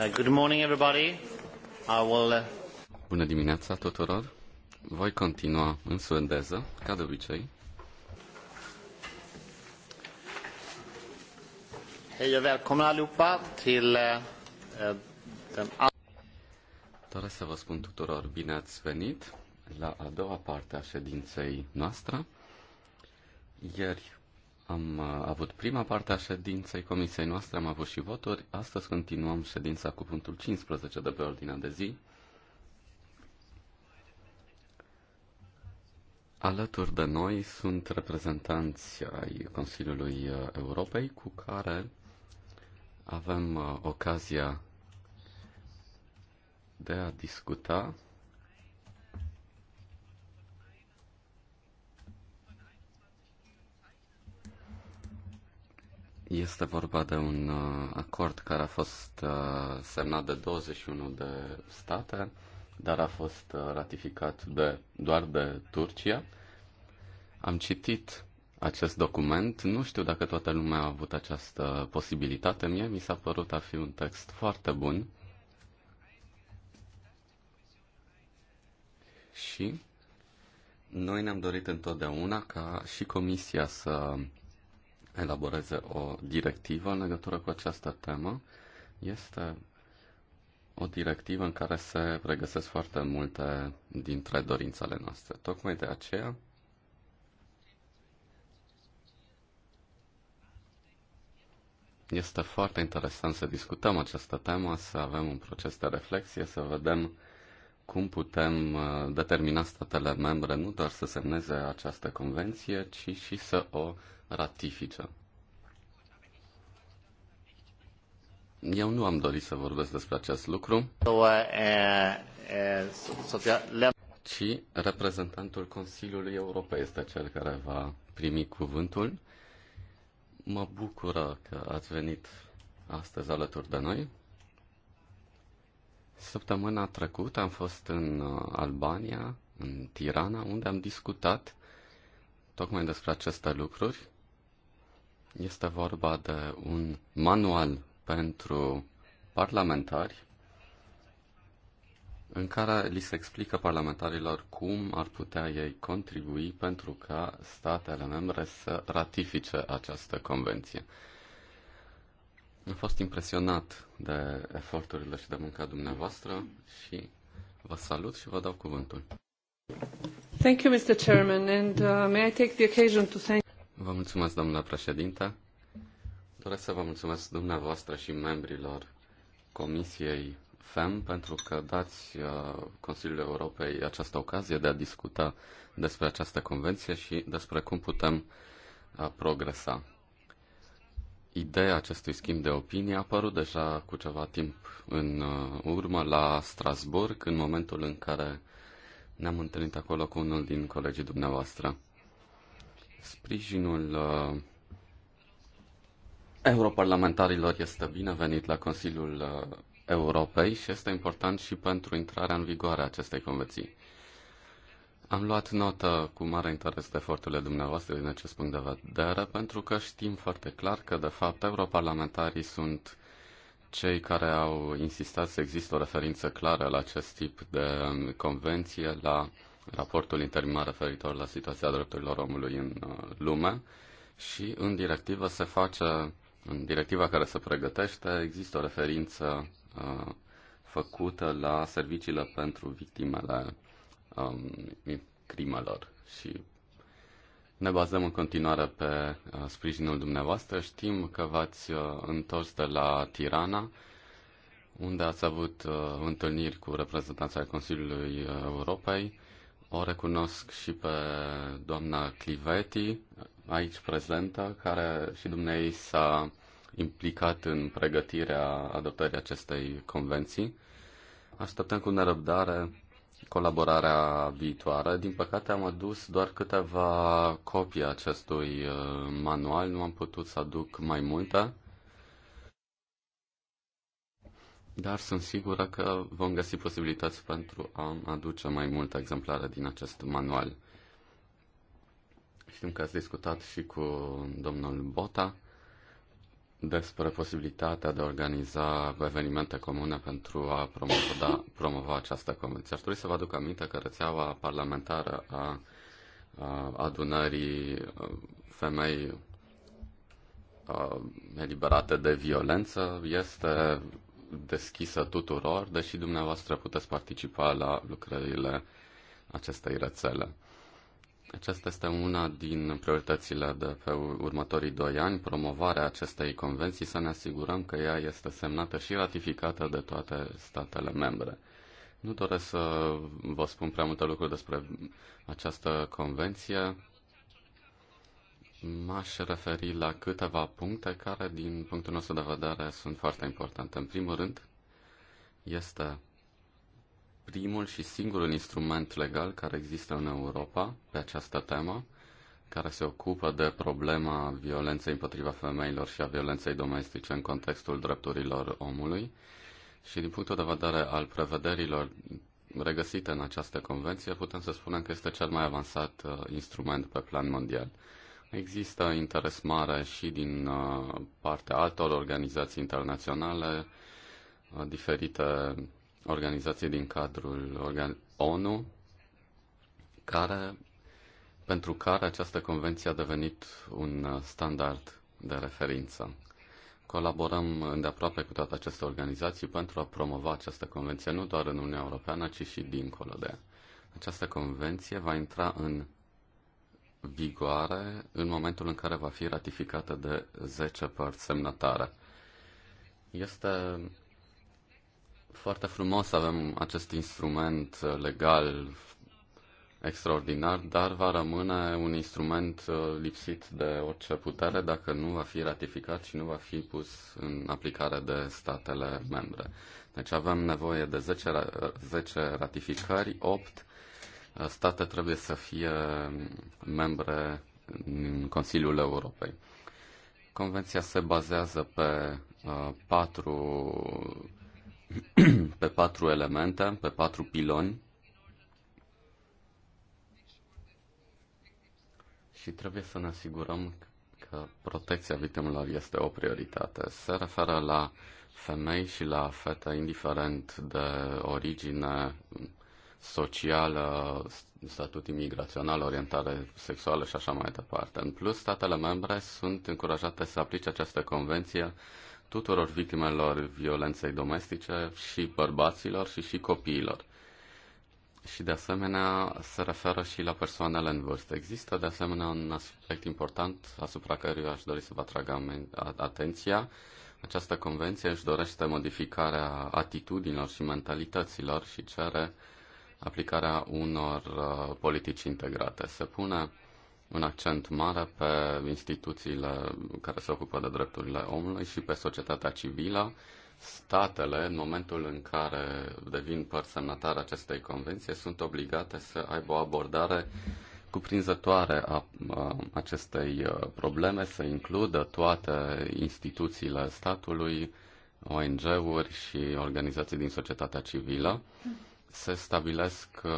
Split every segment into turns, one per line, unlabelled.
Uh,
uh, Bună dimineața tuturor. Voi continua în suedeză, ca de obicei.
Hej och välkomna allihopa till
uh, den Doresc să vă spun tuturor bine ați venit la a doua parte a ședinței noastre. Ieri am uh, avut prima parte a ședinței comisiei noastre, am avut și voturi. Astăzi continuăm ședința cu punctul 15 de pe ordinea de zi. Alături de noi sunt reprezentanți ai Consiliului uh, Europei cu care avem uh, ocazia de a discuta Este vorba de un uh, acord care a fost uh, semnat de 21 de state, dar a fost uh, ratificat de, doar de Turcia. Am citit acest document. Nu știu dacă toată lumea a avut această posibilitate. Mie mi s-a părut a fi un text foarte bun. Și noi ne-am dorit întotdeauna ca și Comisia să elaboreze o directivă în legătură cu această temă. Este o directivă în care se regăsesc foarte multe dintre dorințele noastre. Tocmai de aceea este foarte interesant să discutăm această temă, să avem un proces de reflexie, să vedem cum putem uh, determina statele membre nu doar să semneze această convenție, ci și să o ratifice. Eu nu am dorit să vorbesc despre acest lucru, ci reprezentantul Consiliului Europei este cel care va primi cuvântul. Mă bucură că ați venit astăzi alături de noi. Săptămâna trecută am fost în uh, Albania, în Tirana, unde am discutat tocmai despre aceste lucruri este vorba de un manual pentru parlamentari în care li se explică parlamentarilor cum ar putea ei contribui pentru ca statele membre să ratifice această convenție. Am fost impresionat de eforturile și de munca dumneavoastră și vă salut și vă dau cuvântul.
Thank you, Mr. Chairman, and uh, may I take the occasion to thank
Vă mulțumesc, domnule președinte. Doresc să vă mulțumesc dumneavoastră și membrilor Comisiei FEM pentru că dați uh, Consiliul Europei această ocazie de a discuta despre această convenție și despre cum putem uh, progresa. Ideea acestui schimb de opinie a apărut deja cu ceva timp în uh, urmă la Strasburg, în momentul în care ne-am întâlnit acolo cu unul din colegii dumneavoastră. Sprijinul uh, europarlamentarilor este binevenit la Consiliul uh, Europei și este important și pentru intrarea în vigoare a acestei convenții. Am luat notă cu mare interes de eforturile dumneavoastră din acest punct de vedere, pentru că știm foarte clar că, de fapt, europarlamentarii sunt cei care au insistat să există o referință clară la acest tip de um, convenție, la raportul interimar referitor la situația drepturilor omului în uh, lume și în directivă se face, în directiva care se pregătește, există o referință uh, făcută la serviciile pentru victimele um, crimelor și ne bazăm în continuare pe uh, sprijinul dumneavoastră. Știm că v-ați uh, întors de la Tirana, unde ați avut uh, întâlniri cu reprezentanța Consiliului Europei o recunosc și pe doamna Clivetti, aici prezentă, care și dumnei s-a implicat în pregătirea adoptării acestei convenții. Așteptăm cu nerăbdare colaborarea viitoare. Din păcate am adus doar câteva copii acestui uh, manual, nu am putut să aduc mai multe dar sunt sigură că vom găsi posibilități pentru a aduce mai multe exemplare din acest manual. Știm că ați discutat și cu domnul Bota despre posibilitatea de a organiza evenimente comune pentru a promova, promova această convenție. Aș trebui să vă aduc aminte că rețeaua parlamentară a, a adunării femei eliberate de violență este deschisă tuturor, deși dumneavoastră puteți participa la lucrările acestei rețele. Aceasta este una din prioritățile de pe următorii doi ani, promovarea acestei convenții, să ne asigurăm că ea este semnată și ratificată de toate statele membre. Nu doresc să vă spun prea multe lucruri despre această convenție, M-aș referi la câteva puncte care, din punctul nostru de vedere, sunt foarte importante. În primul rând, este primul și singurul instrument legal care există în Europa pe această temă, care se ocupă de problema violenței împotriva femeilor și a violenței domestice în contextul drepturilor omului. Și din punctul de vedere al prevederilor regăsite în această convenție, putem să spunem că este cel mai avansat uh, instrument pe plan mondial. Există interes mare și din uh, partea altor organizații internaționale, uh, diferite organizații din cadrul ONU, care, pentru care această convenție a devenit un uh, standard de referință. Colaborăm îndeaproape cu toate aceste organizații pentru a promova această convenție nu doar în Uniunea Europeană, ci și dincolo de ea. Această convenție va intra în vigoare în momentul în care va fi ratificată de 10 părți semnătare. Este foarte frumos să avem acest instrument legal extraordinar, dar va rămâne un instrument uh, lipsit de orice putere dacă nu va fi ratificat și nu va fi pus în aplicare de statele membre. Deci avem nevoie de 10, 10 ratificări, 8 state trebuie să fie membre în Consiliul Europei. Convenția se bazează pe uh, patru pe patru elemente, pe patru piloni și trebuie să ne asigurăm că protecția victimelor este o prioritate. Se referă la femei și la fete, indiferent de origine, socială, statut imigrațional, orientare sexuală și așa mai departe. În plus, statele membre sunt încurajate să aplice această convenție tuturor victimelor violenței domestice și bărbaților și și copiilor. Și de asemenea se referă și la persoanele în vârstă. Există de asemenea un aspect important asupra căruia aș dori să vă atrag atenția. Această convenție își dorește modificarea atitudinilor și mentalităților și cere uh, aplicarea unor uh, politici integrate. Se pune un accent mare pe instituțiile care se ocupă de drepturile omului și pe societatea civilă. Statele, în momentul în care devin părți semnatare acestei convenții, sunt obligate să aibă o abordare cuprinzătoare a, a acestei uh, probleme, să includă toate instituțiile statului, ONG-uri și organizații din societatea civilă. Mm-hmm se stabilesc uh,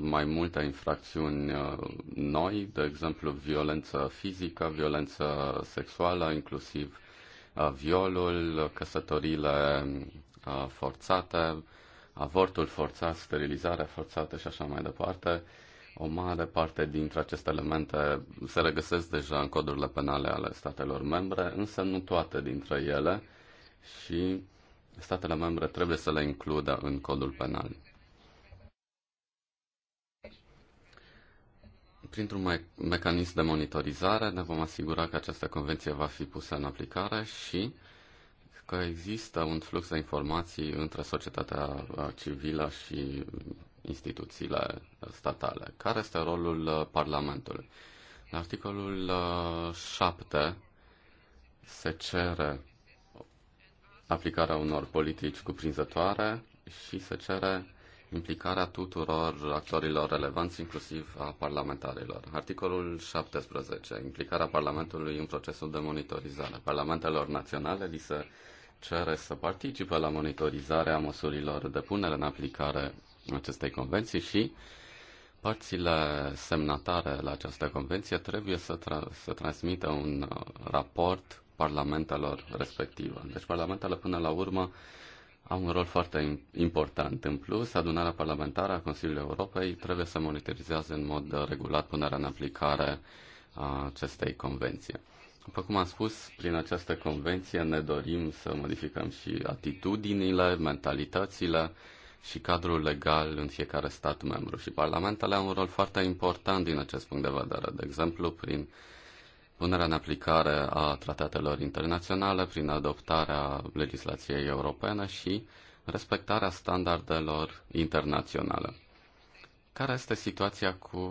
mai multe infracțiuni uh, noi, de exemplu violență fizică, violență sexuală, inclusiv uh, violul, căsătorile forțate, avortul forțat, sterilizarea forțată și așa mai departe. O mare parte dintre aceste elemente se regăsesc deja în codurile penale ale statelor membre, însă nu toate dintre ele și statele membre trebuie să le includă în codul penal. printr-un me- mecanism de monitorizare ne vom asigura că această convenție va fi pusă în aplicare și că există un flux de informații între societatea uh, civilă și instituțiile statale. Care este rolul uh, Parlamentului? În articolul 7 uh, se cere aplicarea unor politici cuprinzătoare și se cere implicarea tuturor actorilor relevanți, inclusiv a parlamentarilor. Articolul 17. Implicarea Parlamentului în procesul de monitorizare. Parlamentelor naționale li se cere să participe la monitorizarea măsurilor de punere în aplicare acestei convenții și părțile semnatare la această convenție trebuie să, tra- să transmită un uh, raport parlamentelor respective. Deci parlamentele până la urmă au un rol foarte important. În plus, adunarea parlamentară a Consiliului Europei trebuie să monitorizeze în mod regulat punerea în aplicare a acestei convenții. După cum am spus, prin această convenție ne dorim să modificăm și atitudinile, mentalitățile și cadrul legal în fiecare stat membru. Și parlamentele au un rol foarte important din acest punct de vedere, de exemplu, prin uh, punerea în aplicare a tratatelor internaționale prin adoptarea legislației europene și respectarea standardelor internaționale. Care este situația cu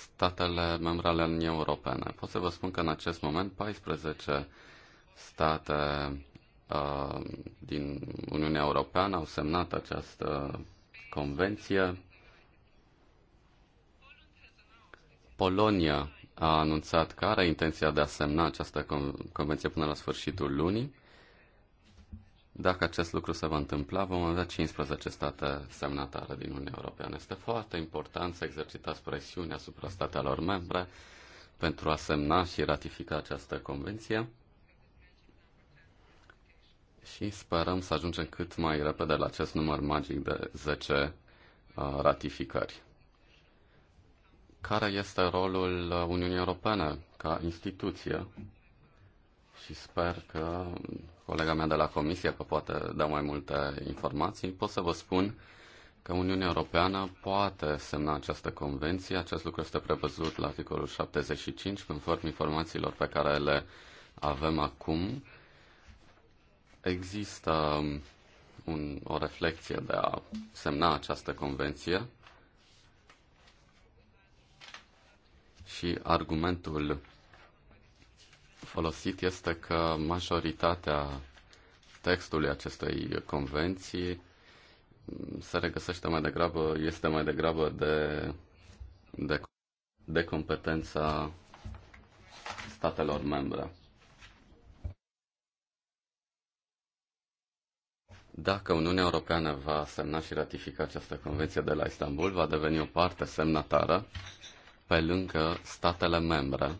statele membre ale Uniunii Europene? Pot să vă spun că în acest moment 14 state uh, din Uniunea Europeană au semnat această convenție. Polonia a anunțat că are intenția de a semna această convenție până la sfârșitul lunii. Dacă acest lucru se va întâmpla, vom avea 15 state semnatare din Uniunea Europeană. Este foarte important să exercitați presiune asupra statelor membre pentru a semna și ratifica această convenție și sperăm să ajungem cât mai repede la acest număr magic de 10 uh, ratificări care este rolul Uniunii Europene ca instituție și sper că colega mea de la Comisie că poate da mai multe informații. Pot să vă spun că Uniunea Europeană poate semna această convenție. Acest lucru este prevăzut la articolul 75, conform informațiilor pe care le avem acum. Există un, o reflexie de a semna această convenție și argumentul folosit este că majoritatea textului acestei convenții se regăsește mai degrabă, este mai degrabă de, de, de competența statelor membre. Dacă Uniunea Europeană va semna și ratifica această convenție de la Istanbul, va deveni o parte semnatară pe lângă statele membre.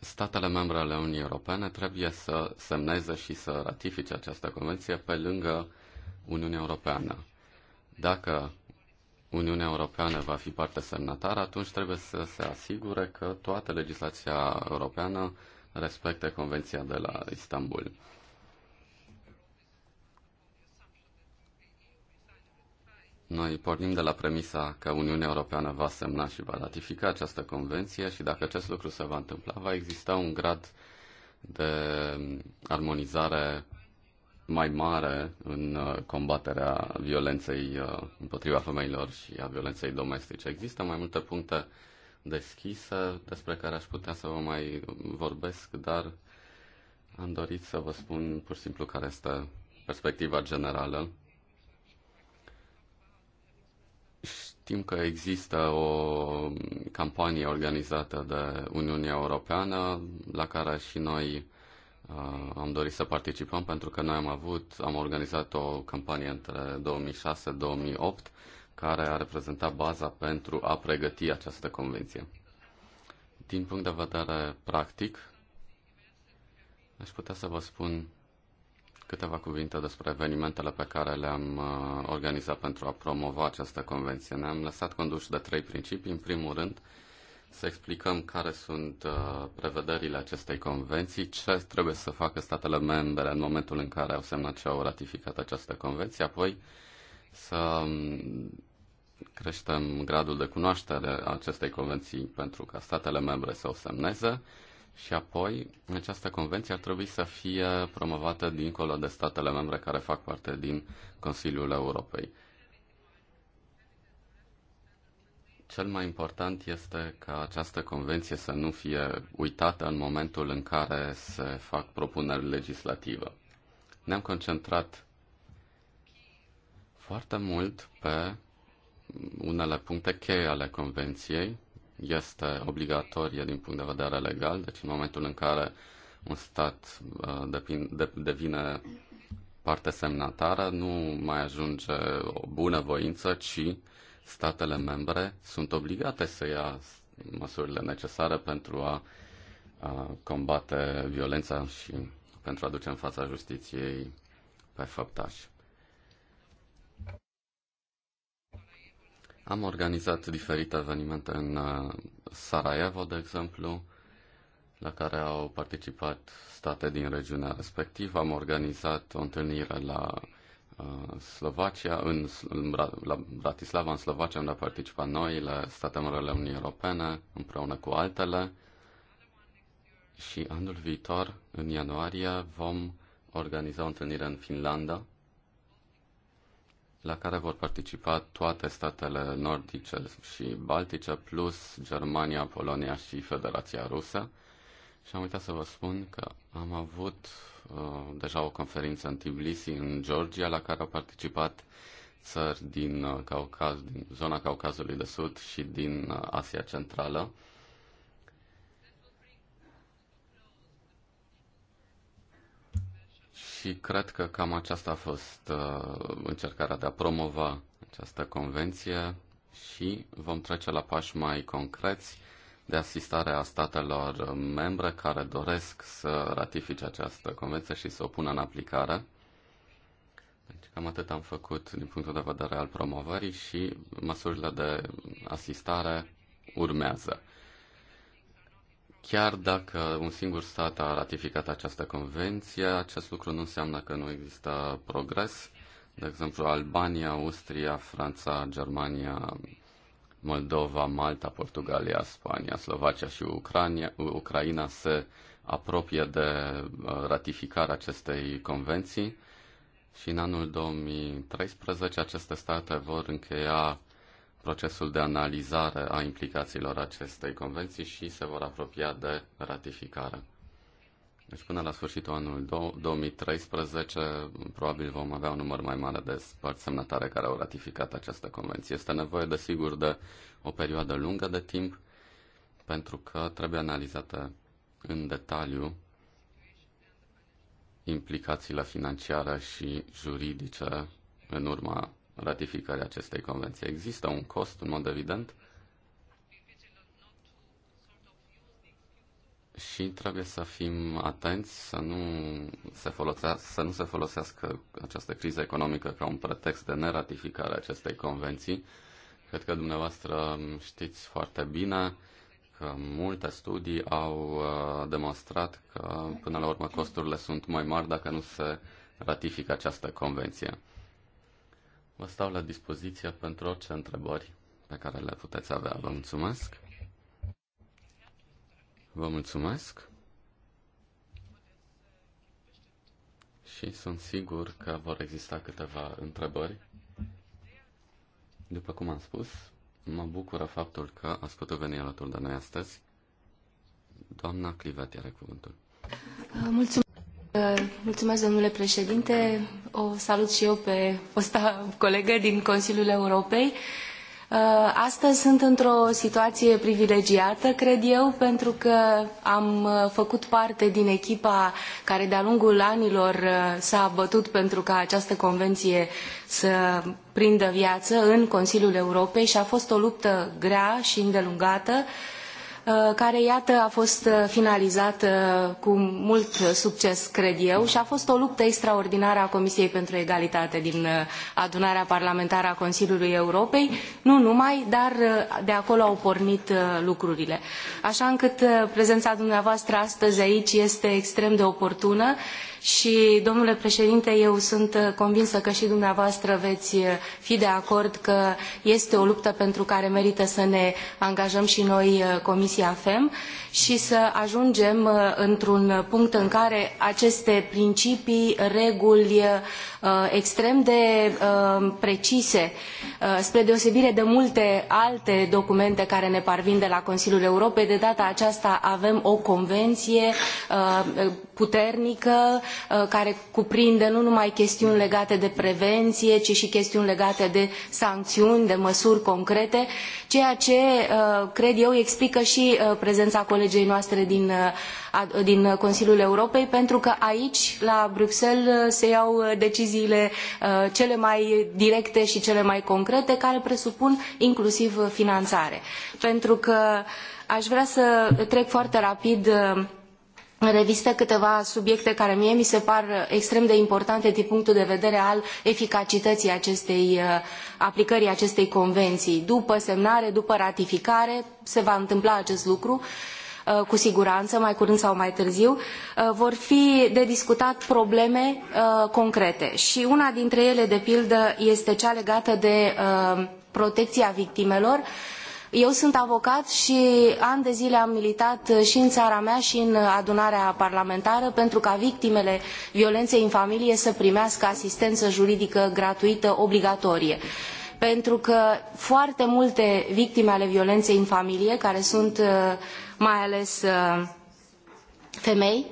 Statele membre ale Uniunii Europene trebuie să semneze și să ratifice această convenție pe lângă Uniunea Europeană. Dacă Uniunea Europeană va fi parte semnatară, atunci trebuie să se asigure că toată legislația europeană respectă Convenția de la Istanbul. Noi pornim de la premisa că Uniunea Europeană va semna și va ratifica această convenție și dacă acest lucru se va întâmpla, va exista un grad de armonizare mai mare în uh, combaterea violenței uh, împotriva femeilor și a violenței domestice. Există mai multe puncte deschise despre care aș putea să vă mai vorbesc, dar am dorit să vă spun pur și simplu care este perspectiva generală Știm că există o campanie organizată de Uniunea Europeană la care și noi uh, am dorit să participăm pentru că noi am avut, am organizat o campanie între 2006-2008 care a reprezentat baza pentru a pregăti această convenție. Din punct de vedere practic, aș putea să vă spun Câteva cuvinte despre evenimentele pe care le-am uh, organizat pentru a promova această convenție. Ne-am lăsat conduși de trei principii. În primul rând, să explicăm care sunt uh, prevederile acestei convenții, ce trebuie să facă statele membre în momentul în care au semnat și au ratificat această convenție, apoi să um, creștem gradul de cunoaștere a acestei convenții pentru ca statele membre să o semneze și apoi, această convenție ar trebui să fie promovată dincolo de statele membre care fac parte din Consiliul Europei. Cel mai important este ca această convenție să nu fie uitată în momentul în care se fac propuneri legislative. Ne-am concentrat foarte mult pe unele puncte cheie ale convenției, este obligatorie din punct de vedere legal, deci în momentul în care un stat uh, devine parte semnatară, nu mai ajunge o bună voință, ci statele membre sunt obligate să ia măsurile necesare pentru a, a combate violența și pentru a duce în fața justiției pe făptași. Am organizat diferite evenimente în uh, Sarajevo, de exemplu, la care au participat state din regiunea respectivă. Am organizat o întâlnire la uh, Slovacia, în, în, la Bratislava, în Slovacia, unde au participat noi, la state ale Uniunii Europene, împreună cu altele. Și anul viitor, în ianuarie, vom organiza o întâlnire în Finlanda, la care vor participa toate statele nordice și baltice, plus Germania, Polonia și Federația Rusă. Și am uitat să vă spun că am avut uh, deja o conferință în Tbilisi, în Georgia, la care au participat țări din, uh, Caucaz, din zona Caucazului de Sud și din uh, Asia Centrală. Uh, și cred că cam aceasta a fost uh, încercarea de a promova această convenție și vom trece la pași mai concreți de asistare a statelor membre care doresc să ratifice această convenție și să o pună în aplicare. Deci cam atât am făcut din punctul de vedere al promovării și măsurile de asistare urmează. Chiar dacă un singur stat a ratificat această convenție, acest lucru nu înseamnă că nu există progres. De exemplu, Albania, Austria, Franța, Germania, Moldova, Malta, Portugalia, Spania, Slovacia și Ucrania, Ucraina se apropie de uh, ratificarea acestei convenții și în anul 2013 aceste state vor încheia procesul de analizare a implicațiilor acestei convenții și se vor apropia de ratificare. Deci până la sfârșitul anului 2013 probabil vom avea un număr mai mare de părți semnătare care au ratificat această convenție. Este nevoie, desigur, de o perioadă lungă de timp pentru că trebuie analizată în detaliu implicațiile financiare și juridice în urma ratificării acestei convenții. Există un cost, în mod evident, și trebuie să fim atenți să nu se, să nu se folosească această criză economică ca un pretext de neratificare a acestei convenții. Cred că dumneavoastră știți foarte bine că multe studii au uh, demonstrat că, până la urmă, costurile sunt mai mari dacă nu se ratifică această convenție. Vă stau la dispoziție pentru orice întrebări pe care le puteți avea. Vă mulțumesc. Vă mulțumesc. Și sunt sigur că vor exista câteva întrebări. După cum am spus, mă bucură faptul că ați putut veni alături de noi astăzi. Doamna Clivet are cuvântul.
Mulțumesc. Mulțumesc, domnule președinte. O salut și eu pe fosta colegă din Consiliul Europei. Uh, astăzi sunt într-o situație privilegiată, cred eu, pentru că am uh, făcut parte din echipa care de-a lungul anilor uh, s-a bătut pentru ca această convenție să prindă viață în Consiliul Europei și a fost o luptă grea și îndelungată, Uh, care, iată, a fost uh, finalizat uh, cu mult succes, cred eu, și a fost o luptă extraordinară a Comisiei pentru Egalitate din adunarea parlamentară a Consiliului Europei, nu numai, dar de acolo au pornit lucrurile. Așa încât prezența dumneavoastră astăzi aici este extrem de oportună și, domnule președinte, eu sunt uh, convinsă că și dumneavoastră veți uh, fi de acord că este o luptă pentru care merită să ne angajăm și noi uh, Comisia FEM și să ajungem într-un punct în care aceste principii, reguli extrem de precise, spre deosebire de multe alte documente care ne parvin de la Consiliul Europei, de data aceasta avem o convenție puternică, Uh, care cuprinde nu numai chestiuni legate de prevenție, ci și chestiuni legate de sancțiuni, de măsuri concrete, ceea ce, uh, cred eu, explică și uh, prezența colegei noastre din, din Consiliul Europei, pentru că aici, la Bruxelles, se iau deciziile cele mai directe și cele mai concrete, care presupun inclusiv finanțare. Pentru că aș vrea să trec foarte rapid uh, în revistă câteva subiecte care mie mi se par extrem de importante din punctul de vedere al eficacității acestei, uh, aplicării acestei convenții. După semnare, după ratificare, se va întâmpla acest lucru uh, cu siguranță, mai curând sau mai târziu, uh, vor fi de discutat probleme concrete. Și una dintre ele, de pildă, este cea legată de protecția victimelor, eu sunt avocat și ani de zile am militat uh, și în țara mea și în uh, adunarea parlamentară pentru ca victimele violenței în familie să primească asistență juridică gratuită obligatorie pentru că foarte multe victime ale violenței în familie, care sunt uh, mai ales femei,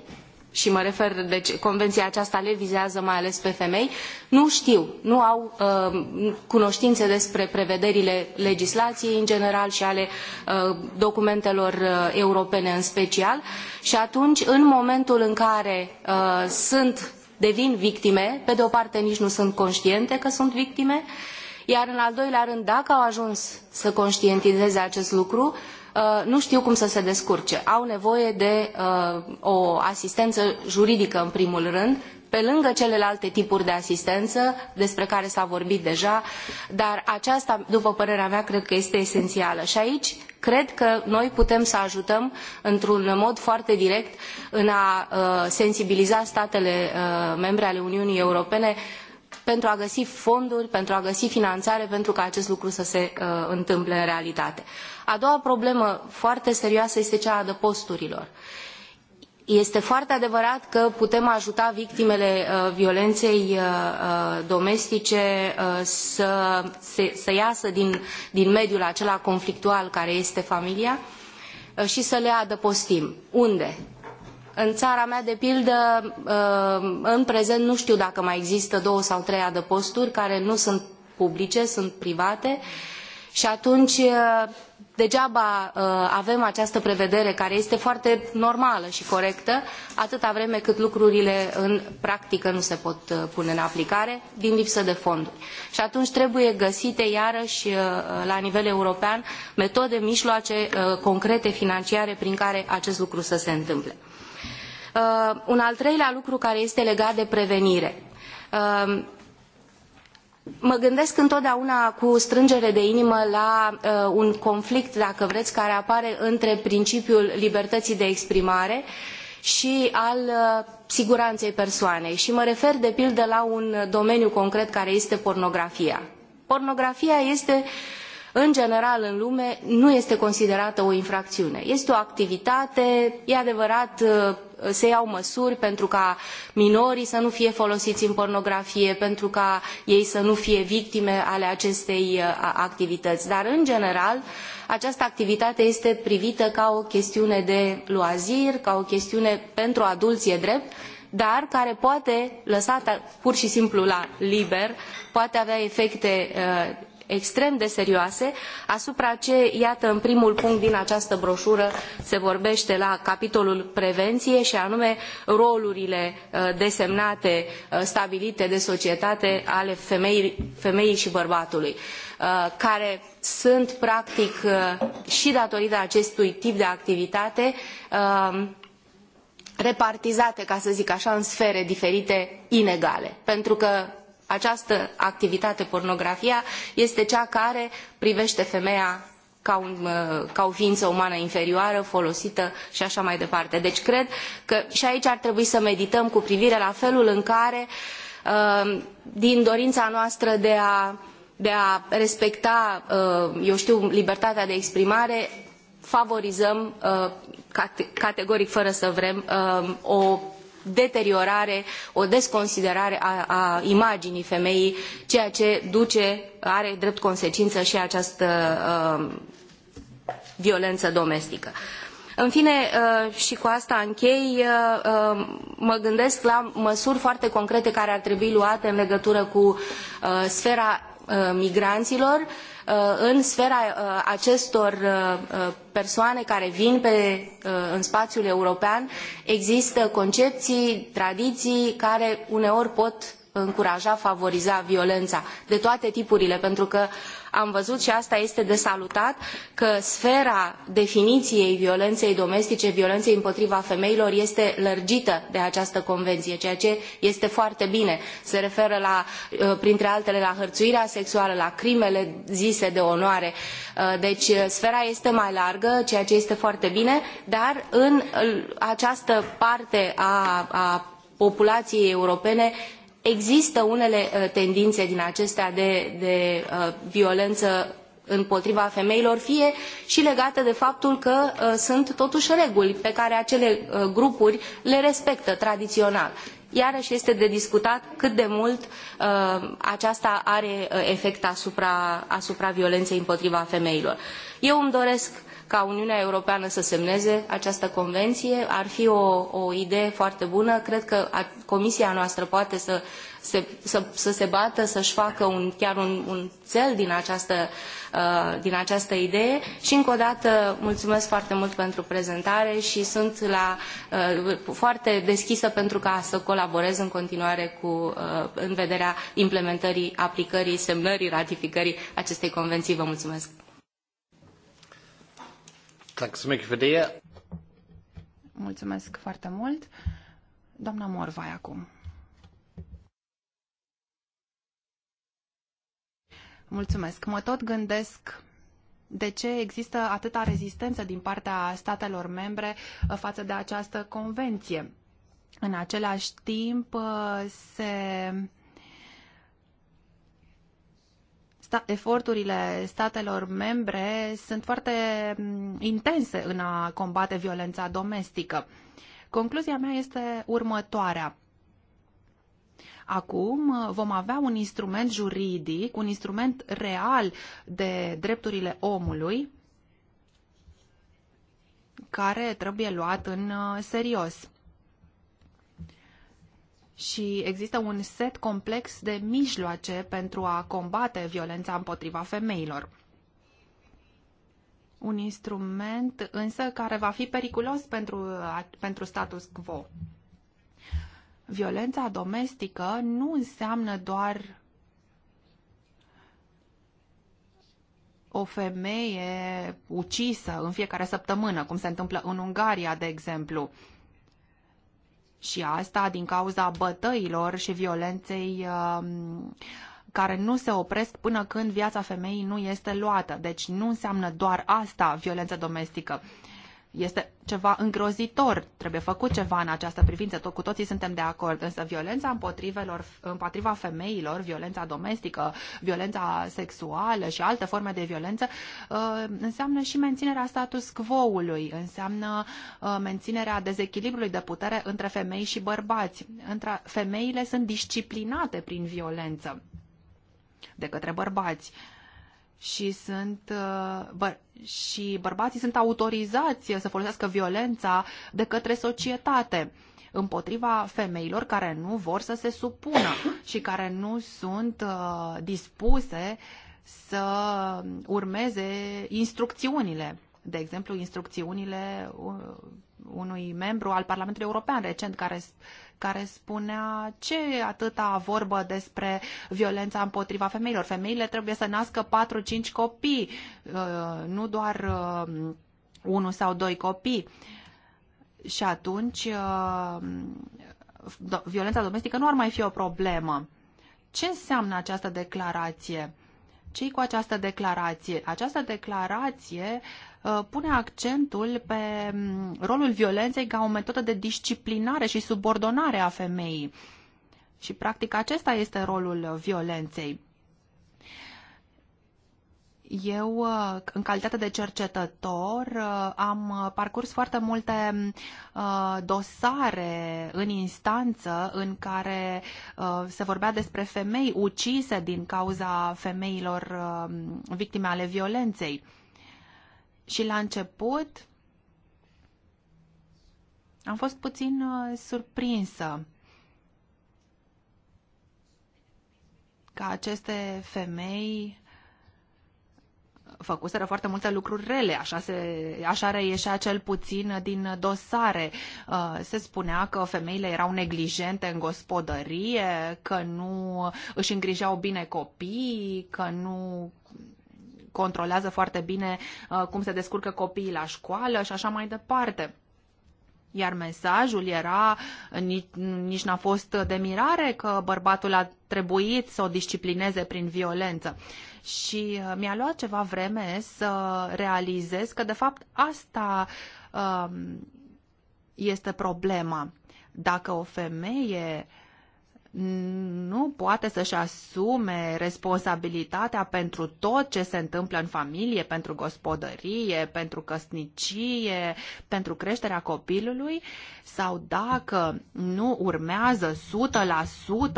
și mă refer, deci convenția aceasta le vizează mai ales pe femei, nu știu, nu au uh, cunoștințe despre prevederile legislației în general și ale uh, documentelor uh, europene în special și atunci, în momentul în care uh, sunt, devin victime, pe de o parte nici nu sunt conștiente că sunt victime, iar în al doilea rând, dacă au ajuns să conștientizeze acest lucru, uh, Uh, nu știu cum să se descurce. Au nevoie de uh, o asistență juridică în primul rând, pe lângă celelalte tipuri de asistență despre care s-a vorbit deja, dar aceasta, după părerea mea, cred că este esențială. Și aici cred că noi putem să ajutăm într-un mod foarte direct în a uh, sensibiliza statele membre ale Uniunii Europene pentru a găsi fonduri, pentru a găsi finanțare pentru ca acest lucru să se uh, întâmple în realitate. A doua problemă foarte serioasă este cea a adăposturilor. Este foarte adevărat că putem ajuta victimele uh, violenței uh, uh domestice uh, să, se, să iasă din, din mediul acela conflictual care este familia uh, și să le adăpostim. Unde? În țara mea, de pildă, uh, în prezent nu știu dacă mai există două sau trei adăposturi care nu sunt publice, sunt private și atunci uh, degeaba uh, avem această prevedere care este foarte normală și corectă atâta vreme cât lucrurile în practică nu se pot pune în aplicare din lipsă de fonduri. Și atunci trebuie găsite iarăși la nivel european metode, mijloace concrete financiare prin care acest lucru să se întâmple. Uh, un al treilea lucru care este legat de prevenire. Uh, mă gândesc întotdeauna cu strângere de inimă la uh, un conflict, dacă vreți, care apare între principiul libertății de exprimare și al uh, siguranței persoanei. Și mă refer, de pildă, la un domeniu concret care este pornografia. Pornografia este, în general, în lume, nu este considerată o infracțiune. Este o activitate, e adevărat, uh, se iau măsuri pentru ca minorii să nu fie folosiți în pornografie, pentru ca ei să nu fie victime ale acestei uh, activități. Dar, în general, această activitate este privită ca o chestiune de loazir, ca o chestiune pentru adulți e drept, dar care poate, lăsată pur și simplu la liber, poate avea efecte uh, extrem de serioase, asupra ce, iată, în primul punct din această broșură se vorbește la capitolul prevenție și anume rolurile uh, desemnate, uh, stabilite de societate ale femeii, femeii și bărbatului uh, care sunt practic și datorită acestui tip de activitate repartizate, ca să zic așa, în sfere diferite, inegale. Pentru că această activitate, pornografia, este cea care privește femeia ca, un, uh, ca o ființă umană inferioară, folosită și așa mai departe. Deci cred că și aici ar trebui să medităm cu privire la felul în care, uh, din dorința noastră de a, de a respecta, uh, eu știu, libertatea de exprimare, favorizăm categoric, fără să vrem, o deteriorare, o desconsiderare a, a imaginii femeii, ceea ce duce, are drept consecință și această uh, violență domestică. În fine, uh, și cu asta închei, uh, uh, mă gândesc la măsuri foarte concrete care ar trebui luate în legătură cu sfera migranților, Uh, în sfera uh, acestor uh, persoane care vin pe, în spațiul european există concepții, tradiții care uneori pot încuraja, favoriza violența de toate tipurile, pentru că am văzut și asta este de salutat că sfera definiției violenței domestice, violenței împotriva femeilor este lărgită de această convenție, ceea ce este foarte bine. Se referă la, uh, printre altele la hărțuirea sexuală, la crimele zise de onoare. Uh, deci uh, sfera este mai largă, ceea ce este foarte bine, dar în această parte a, a populației europene există unele uh, tendințe din acestea de, de uh, violență împotriva femeilor, fie și legate de faptul că uh, sunt totuși reguli pe care acele grupuri le respectă tradițional iarăși este de discutat cât de mult uh, aceasta are efect asupra, asupra violenței împotriva femeilor. Eu îmi doresc ca Uniunea Europeană să semneze această convenție. Ar fi o, o idee foarte bună. Cred că a, comisia noastră poate să se, să, să se bată, să-și facă un, chiar un, un cel din această, uh, din această idee. Și încă o dată mulțumesc foarte mult pentru prezentare și sunt la, uh, foarte deschisă pentru ca să colaborez în continuare cu, uh, în vederea implementării, aplicării, semnării, ratificării acestei convenții. Vă mulțumesc!
Mulțumesc foarte mult. Doamna Morvai acum. Mulțumesc. Mă tot gândesc de ce există atâta rezistență din partea statelor membre uh, față de această convenție. În același timp uh, se sta- eforturile statelor membre sunt foarte mm, intense în a combate violența domestică. Concluzia mea este următoarea. Acum uh, vom avea un instrument juridic, un instrument real de drepturile omului care trebuie luat în uh, serios și există un set complex de mijloace pentru a combate violența împotriva femeilor. Un instrument însă care va fi periculos pentru, pentru status quo. Violența domestică nu înseamnă doar o femeie ucisă în fiecare săptămână, cum se întâmplă în Ungaria, de exemplu și asta din cauza bătăilor și violenței um, care nu se opresc până când viața femeii nu este luată. Deci nu înseamnă doar asta violență domestică. Este ceva îngrozitor, trebuie făcut ceva în această privință, Tot, cu toții suntem de acord, însă violența împotriva femeilor, violența domestică, violența sexuală și alte forme de violență uh, înseamnă și menținerea status quo-ului, înseamnă uh, menținerea dezechilibrului de putere între femei și bărbați. Femeile sunt disciplinate prin violență de către bărbați. Uh, și sunt uh, bă, și bărbații sunt autorizați să folosească violența de către societate împotriva femeilor care nu vor să se supună și care nu sunt uh, dispuse să urmeze instrucțiunile, de exemplu instrucțiunile uh, unui membru al Parlamentului European recent care care spunea ce atâta vorbă despre violența împotriva femeilor. Femeile trebuie să nască 4-5 copii, uh, nu doar uh, unul sau doi copii. Și atunci uh, violența domestică nu ar mai fi o problemă. Ce înseamnă această declarație? Cei cu această declarație? Această declarație uh, Uh, pune accentul pe mm, rolul violenței ca o metodă de disciplinare și subordonare a femeii. Și practic acesta este rolul uh, violenței. Eu, uh, în calitate de cercetător, am parcurs foarte multe mm, dosare în instanță în care se vorbea despre femei ucise din cauza femeilor victime ale violenței. Și la început am fost puțin uh, surprinsă că aceste femei făcuseră foarte multe lucruri rele, așa, se, așa reieșea cel puțin din dosare. Uh, se spunea că femeile erau neglijente în gospodărie, că nu își îngrijeau bine copiii, că nu controlează foarte bine uh, cum se descurcă copiii la școală și așa mai departe. Iar mesajul era, nici n-a fost de mirare că bărbatul a trebuit să o disciplineze prin violență. Și uh, mi-a luat ceva vreme să realizez că, de fapt, asta um, este problema. Dacă o femeie uh, nu poate să-și asume responsabilitatea pentru tot ce se întâmplă în familie, pentru gospodărie, pentru căsnicie, pentru creșterea copilului sau dacă nu urmează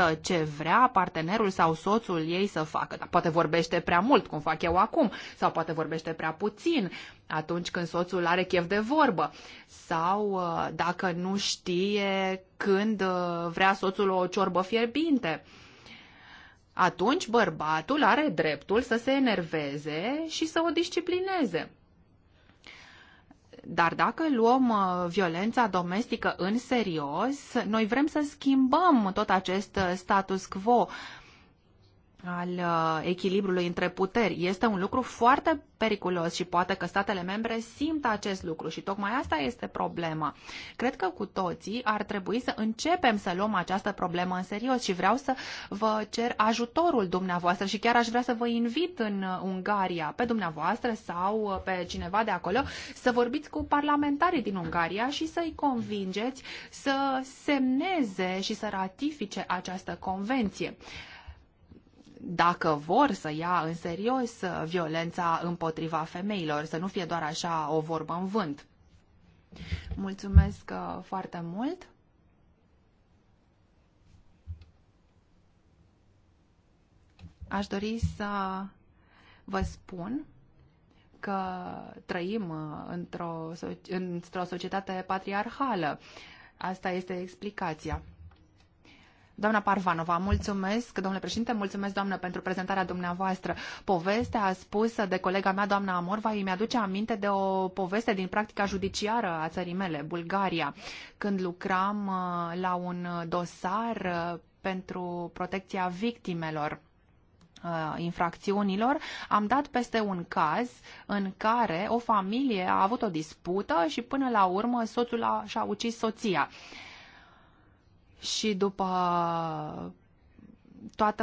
100% ce vrea partenerul sau soțul ei să facă. Dar poate vorbește prea mult, cum fac eu acum, sau poate vorbește prea puțin, atunci când soțul are chef de vorbă sau uh, dacă nu știe când uh, vrea soțul o ciorbă fierbinte. Atunci bărbatul are dreptul să se enerveze și să o disciplineze. Dar dacă luăm uh, violența domestică în serios, noi vrem să schimbăm tot acest status quo al uh, echilibrului între puteri. Este un lucru foarte periculos și poate că statele membre simt acest lucru și tocmai asta este problema. Cred că cu toții ar trebui să începem să luăm această problemă în serios și vreau să vă cer ajutorul dumneavoastră și chiar aș vrea să vă invit în uh, Ungaria, pe dumneavoastră sau uh, pe cineva de acolo, să vorbiți cu parlamentarii din Ungaria și să-i convingeți să semneze și să ratifice această convenție dacă vor să ia în serios violența împotriva femeilor, să nu fie doar așa o vorbă în vânt. Mulțumesc uh, foarte mult! Aș dori să vă spun că trăim uh, într-o, într, -o, societate patriarhală. Asta este explicația. Doamna Parvanova, mulțumesc, domnule președinte, mulțumesc, doamnă, pentru prezentarea dumneavoastră. Povestea spusă de colega mea, doamna Amorva, îmi aduce aminte de o poveste din practica judiciară a țării mele, Bulgaria, când lucram uh, la un dosar uh, pentru protecția victimelor uh, infracțiunilor, am dat peste un caz în care o familie a avut o dispută și până la urmă soțul a, și-a ucis soția. Uh, și după toată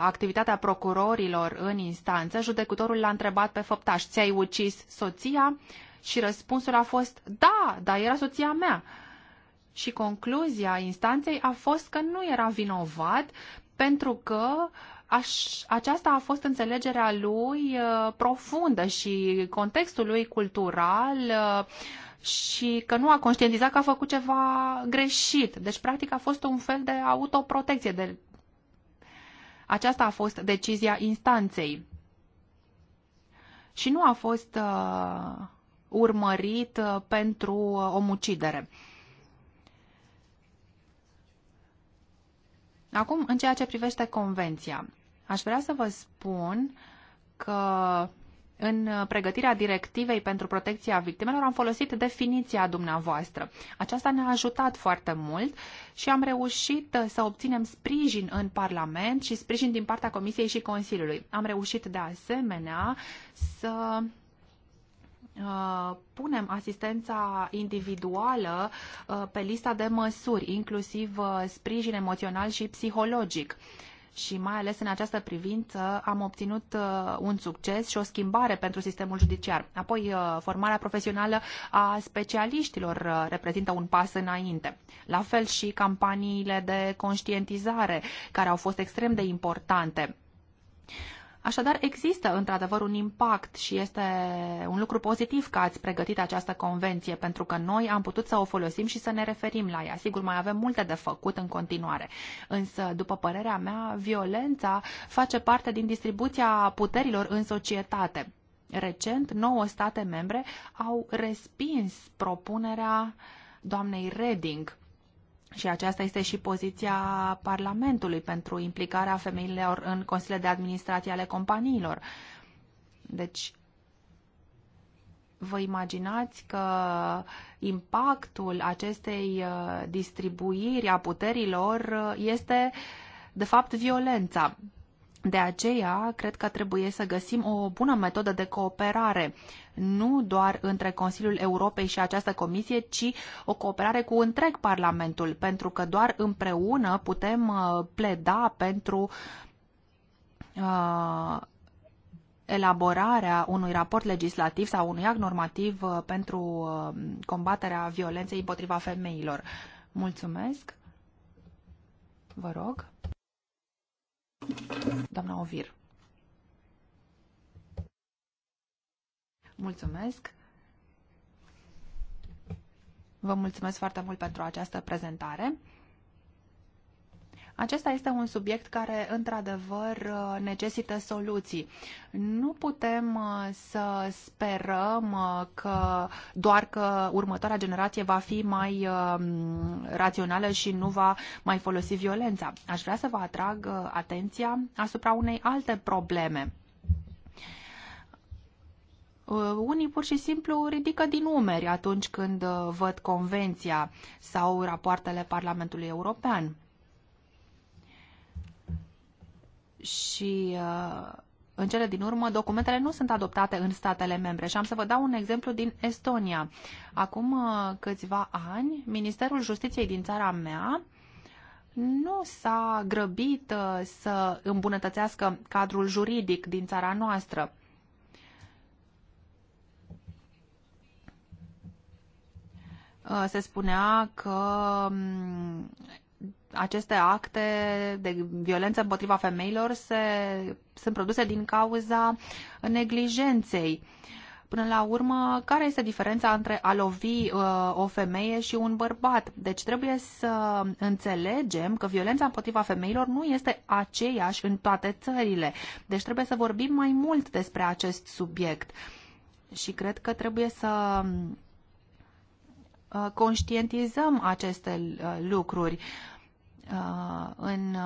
activitatea procurorilor în instanță, judecătorul l-a întrebat pe făptaș, ți-ai ucis soția? Și răspunsul a fost, da, dar era soția mea. Și concluzia instanței a fost că nu era vinovat pentru că aș, aceasta a fost înțelegerea lui uh, profundă și contextul lui cultural uh, și că nu a conștientizat că a făcut ceva greșit. Deci, practic, a fost un fel de autoprotecție. De... Aceasta a fost decizia instanței. Și nu a fost uh, urmărit uh, pentru uh, omucidere. Acum, în ceea ce privește convenția, aș vrea să vă spun că în uh, pregătirea directivei pentru protecția victimelor am folosit definiția dumneavoastră. Aceasta ne-a ajutat foarte mult și am reușit uh, să obținem sprijin în Parlament și sprijin din partea Comisiei și Consiliului. Am reușit de asemenea să uh, punem asistența individuală pe lista de măsuri, inclusiv sprijin emoțional și psihologic și mai ales în această privință am obținut uh, un succes și o schimbare pentru sistemul judiciar. Apoi, uh, formarea profesională a specialiștilor uh, reprezintă un pas înainte. La fel și campaniile de conștientizare, care au fost extrem de importante. Așadar, există într-adevăr un impact și este un lucru pozitiv că ați pregătit această convenție, pentru că noi am putut să o folosim și să ne referim la ea. Sigur, mai avem multe de făcut în continuare, însă, după părerea mea, violența face parte din distribuția puterilor în societate. Recent, nouă state membre au respins propunerea doamnei Reding și aceasta este și poziția Parlamentului pentru implicarea femeilor în consiliile de administrație ale companiilor. Deci, vă imaginați că impactul acestei uh, distribuiri a puterilor uh, este, de fapt, violența. De aceea, cred că trebuie să găsim o bună metodă de cooperare nu doar între Consiliul Europei și această comisie, ci o cooperare cu întreg Parlamentul, pentru că doar împreună putem uh, pleda pentru uh, elaborarea unui raport legislativ sau unui act normativ uh, pentru combaterea violenței împotriva femeilor. Mulțumesc. Vă rog. Doamna Ovir. Mulțumesc! Vă mulțumesc foarte mult pentru această prezentare. Acesta este un subiect care, într-adevăr, necesită soluții. Nu putem uh, să sperăm uh, că doar că următoarea generație va fi mai uh, rațională și nu va mai folosi violența. Aș vrea să vă atrag atenția asupra unei alte probleme Uh, unii pur și simplu ridică din umeri atunci când uh, văd convenția sau rapoartele Parlamentului European. Și uh, în cele din urmă, documentele nu sunt adoptate în statele membre și am să vă dau un exemplu din Estonia. Acum câțiva ani, Ministerul Justiției din țara mea nu s-a grăbit să îmbunătățească cadrul juridic din țara noastră. Uh, se spunea că um, aceste acte de violență împotriva femeilor se, sunt produse din cauza neglijenței. Până la urmă, care este diferența între a lovi uh, o femeie și un bărbat? Deci trebuie să înțelegem că violența împotriva femeilor nu este aceeași în toate țările. Deci trebuie să vorbim mai mult despre acest subiect. Și cred că trebuie să Uh, conștientizăm aceste uh, lucruri. Uh, în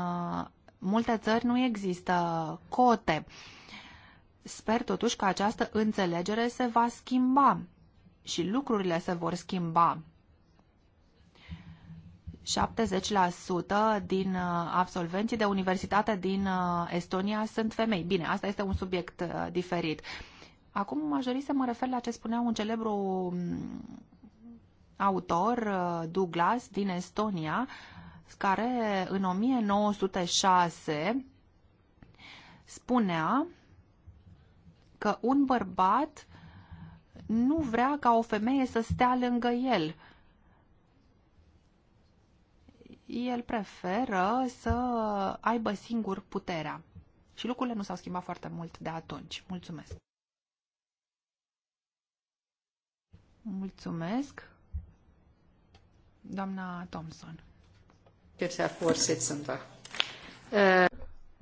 multe țări nu există cote. Sper totuși că această înțelegere se va schimba și lucrurile se vor schimba. 70% din absolvenții de universitate din Estonia sunt femei. Bine, asta este un subiect diferit. Acum aș dori să mă refer la ce spunea un celebru mm, autor, uh, Douglas, din Estonia, care în 1906 spunea că un bărbat nu vrea ca o femeie să stea lângă el. El preferă să aibă singur puterea. Și lucrurile nu s-au schimbat foarte mult de atunci. Mulțumesc! Mulțumesc! Doamna Thompson.
Da.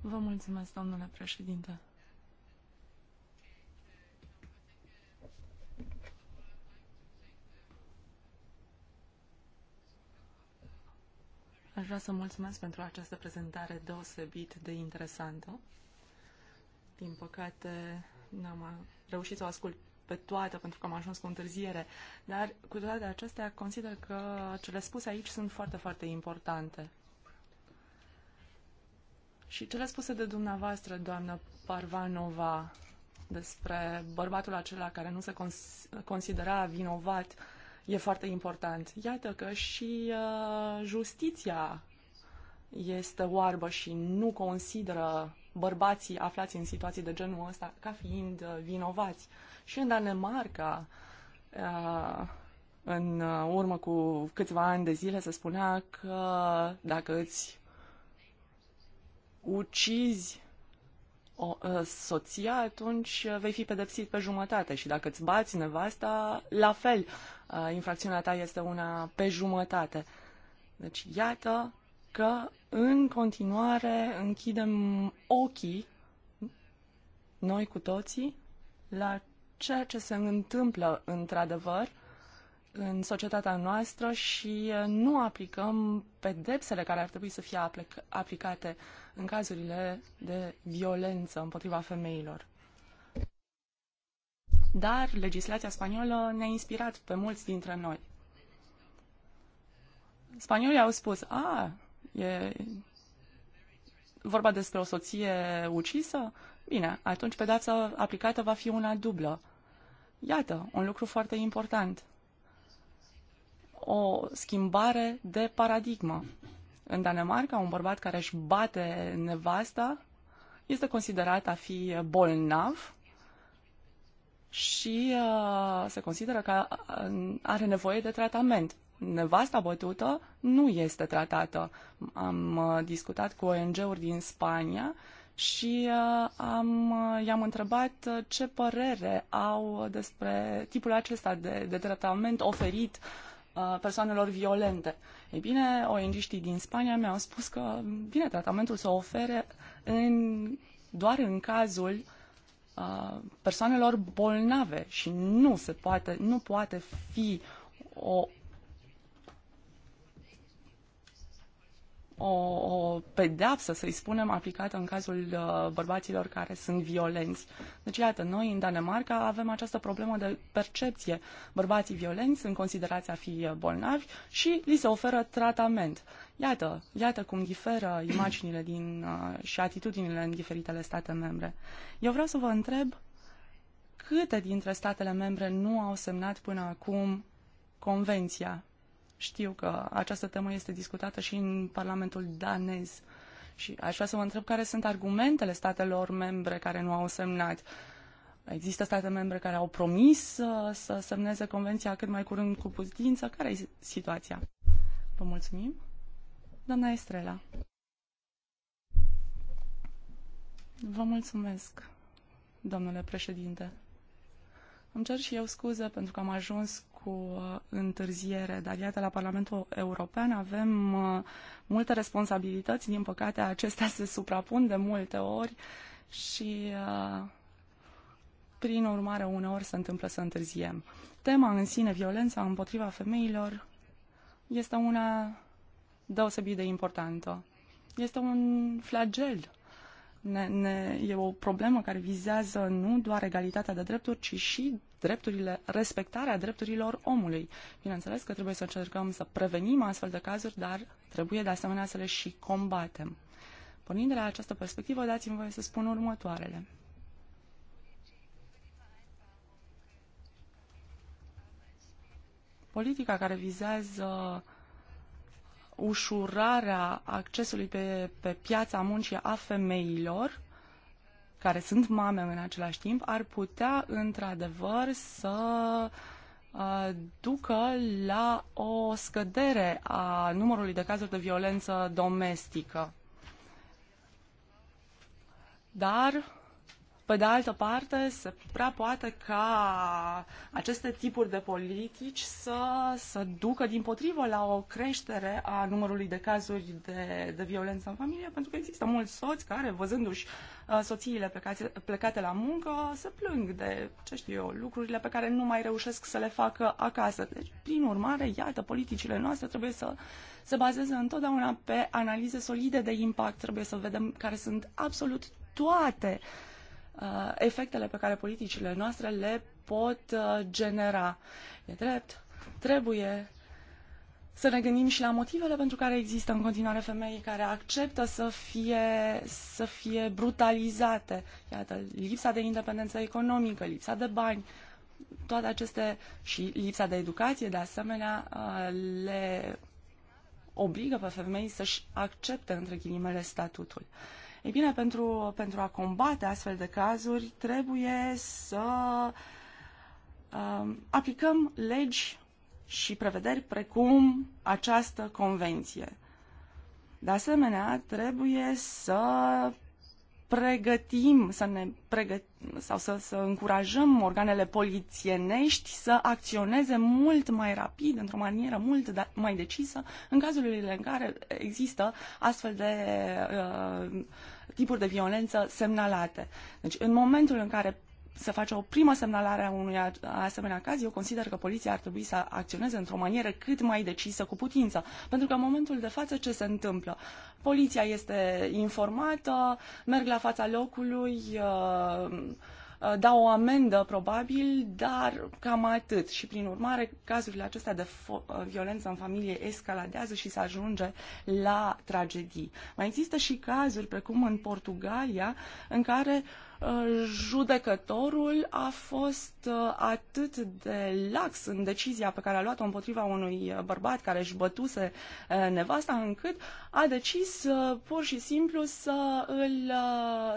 Vă mulțumesc, domnule președinte. Aș vrea să mulțumesc pentru această prezentare deosebit de interesantă. Din păcate, n-am reușit să o ascult pe toate pentru că am ajuns cu întârziere, dar cu toate acestea consider că cele spuse aici sunt foarte, foarte importante. Și cele spuse de dumneavoastră, doamnă Parvanova, despre bărbatul acela care nu se cons- considera vinovat, e foarte important. Iată că și uh, justiția este oarbă și nu consideră bărbații aflați în situații de genul ăsta ca fiind uh, vinovați. Și în Danemarca, uh, în urmă cu câțiva ani de zile, se spunea că dacă îți ucizi o, uh, soția, atunci vei fi pedepsit pe jumătate și dacă îți bați nevasta, la fel, uh, infracțiunea ta este una pe jumătate. Deci, iată că în continuare închidem ochii, noi cu toții, la ceea ce se întâmplă într-adevăr în societatea noastră și uh, nu aplicăm pedepsele care ar trebui să fie aplicate în cazurile de violență împotriva femeilor. Dar legislația spaniolă ne-a inspirat pe mulți dintre noi. Spaniolii au spus, a, e, vorba despre o soție ucisă, bine, atunci pedeapsa aplicată va fi una dublă. Iată, un lucru foarte important. O schimbare de paradigmă. În Danemarca, un bărbat care își bate nevasta este considerat a fi bolnav și uh, se consideră că uh, are nevoie de tratament nevasta bătută nu este tratată. Am uh, discutat cu ONG-uri din Spania și uh, am, uh, i-am întrebat ce părere au despre tipul acesta de, de tratament oferit persoanelor violente. Ei bine, ONG-știi din Spania mi-au spus că, bine, tratamentul se ofere în, doar în cazul uh, persoanelor bolnave și nu se poate, nu poate fi o o, o pedeapsă, să-i spunem, aplicată în cazul uh, bărbaților care sunt violenți. Deci, iată, noi în Danemarca avem această problemă de percepție. Bărbații violenți sunt considerați a fi bolnavi și li se oferă tratament. Iată, iată cum diferă imaginile din, uh, și atitudinile în diferitele state membre. Eu vreau să vă întreb câte dintre statele membre nu au semnat până acum convenția știu că această temă este discutată și în Parlamentul danez. Și aș vrea să vă întreb care sunt argumentele statelor membre care nu au semnat. Există state membre care au promis să, să semneze convenția cât mai curând cu putință. Care e situația? Vă mulțumim. Doamna Estrela. Vă mulțumesc, domnule președinte. Îmi cer și eu scuze pentru că am ajuns cu uh, întârziere, dar iată, la Parlamentul European avem uh, multe responsabilități, din păcate acestea se suprapun de multe ori și uh, prin urmare uneori se întâmplă să întârziem. Tema în sine, violența împotriva femeilor, este una deosebit de importantă. Este un flagel ne, ne, e o problemă care vizează nu doar egalitatea de drepturi, ci și drepturile, respectarea drepturilor omului. Bineînțeles că trebuie să încercăm să prevenim astfel de cazuri, dar trebuie de asemenea să le și combatem. Pornind de la această perspectivă, dați-mi voie să spun următoarele. Politica care vizează ușurarea accesului pe, pe piața muncii a femeilor care sunt mame în același timp, ar putea într-adevăr să uh, ducă la o scădere a numărului de cazuri de violență domestică. Dar pe de altă parte, se prea poate ca aceste tipuri de politici să, să ducă din potrivă la o creștere a numărului de cazuri de, de violență în familie, pentru că există mulți soți care, văzându-și uh, soțiile plecate, plecate la muncă, se plâng de, ce știu eu, lucrurile pe care nu mai reușesc să le facă acasă. Deci, prin urmare, iată, politicile noastre trebuie să se bazeze întotdeauna pe analize solide de impact. Trebuie să vedem care sunt absolut toate uh, Uh, efectele pe care politicile noastre le pot uh, genera. E drept, trebuie să ne gândim și la motivele pentru care există în continuare femei care acceptă să fie, să fie brutalizate. Iată, lipsa de independență economică, lipsa de bani, toate aceste și lipsa de educație, de asemenea, uh, le obligă pe femei să-și accepte, între ghilimele, statutul. Uh, ei bine, pentru, pentru a combate astfel de cazuri, trebuie să uh, aplicăm legi și prevederi precum această convenție. De asemenea, trebuie să pregătim să ne pregătim, sau să, să încurajăm organele polițienești să acționeze mult mai rapid, într-o manieră mult da, mai decisă, în cazurile în care există astfel de uh, tipuri de violență semnalate. Deci, în momentul în care se face o primă semnalare a unui asemenea caz, eu consider că poliția ar trebui să acționeze într-o manieră cât mai decisă cu putință. Pentru că în momentul de față ce se întâmplă? Poliția este informată, merg la fața locului, uh, da o amendă probabil, dar cam atât. Și prin urmare, cazurile acestea de uh, violență în familie escaladează și se ajunge la tragedii. Mai există și cazuri, precum în Portugalia, în care uh, judecătorul a fost atât de lax în decizia pe care a luat-o împotriva unui bărbat care își bătuse nevasta, încât a decis pur și simplu să îl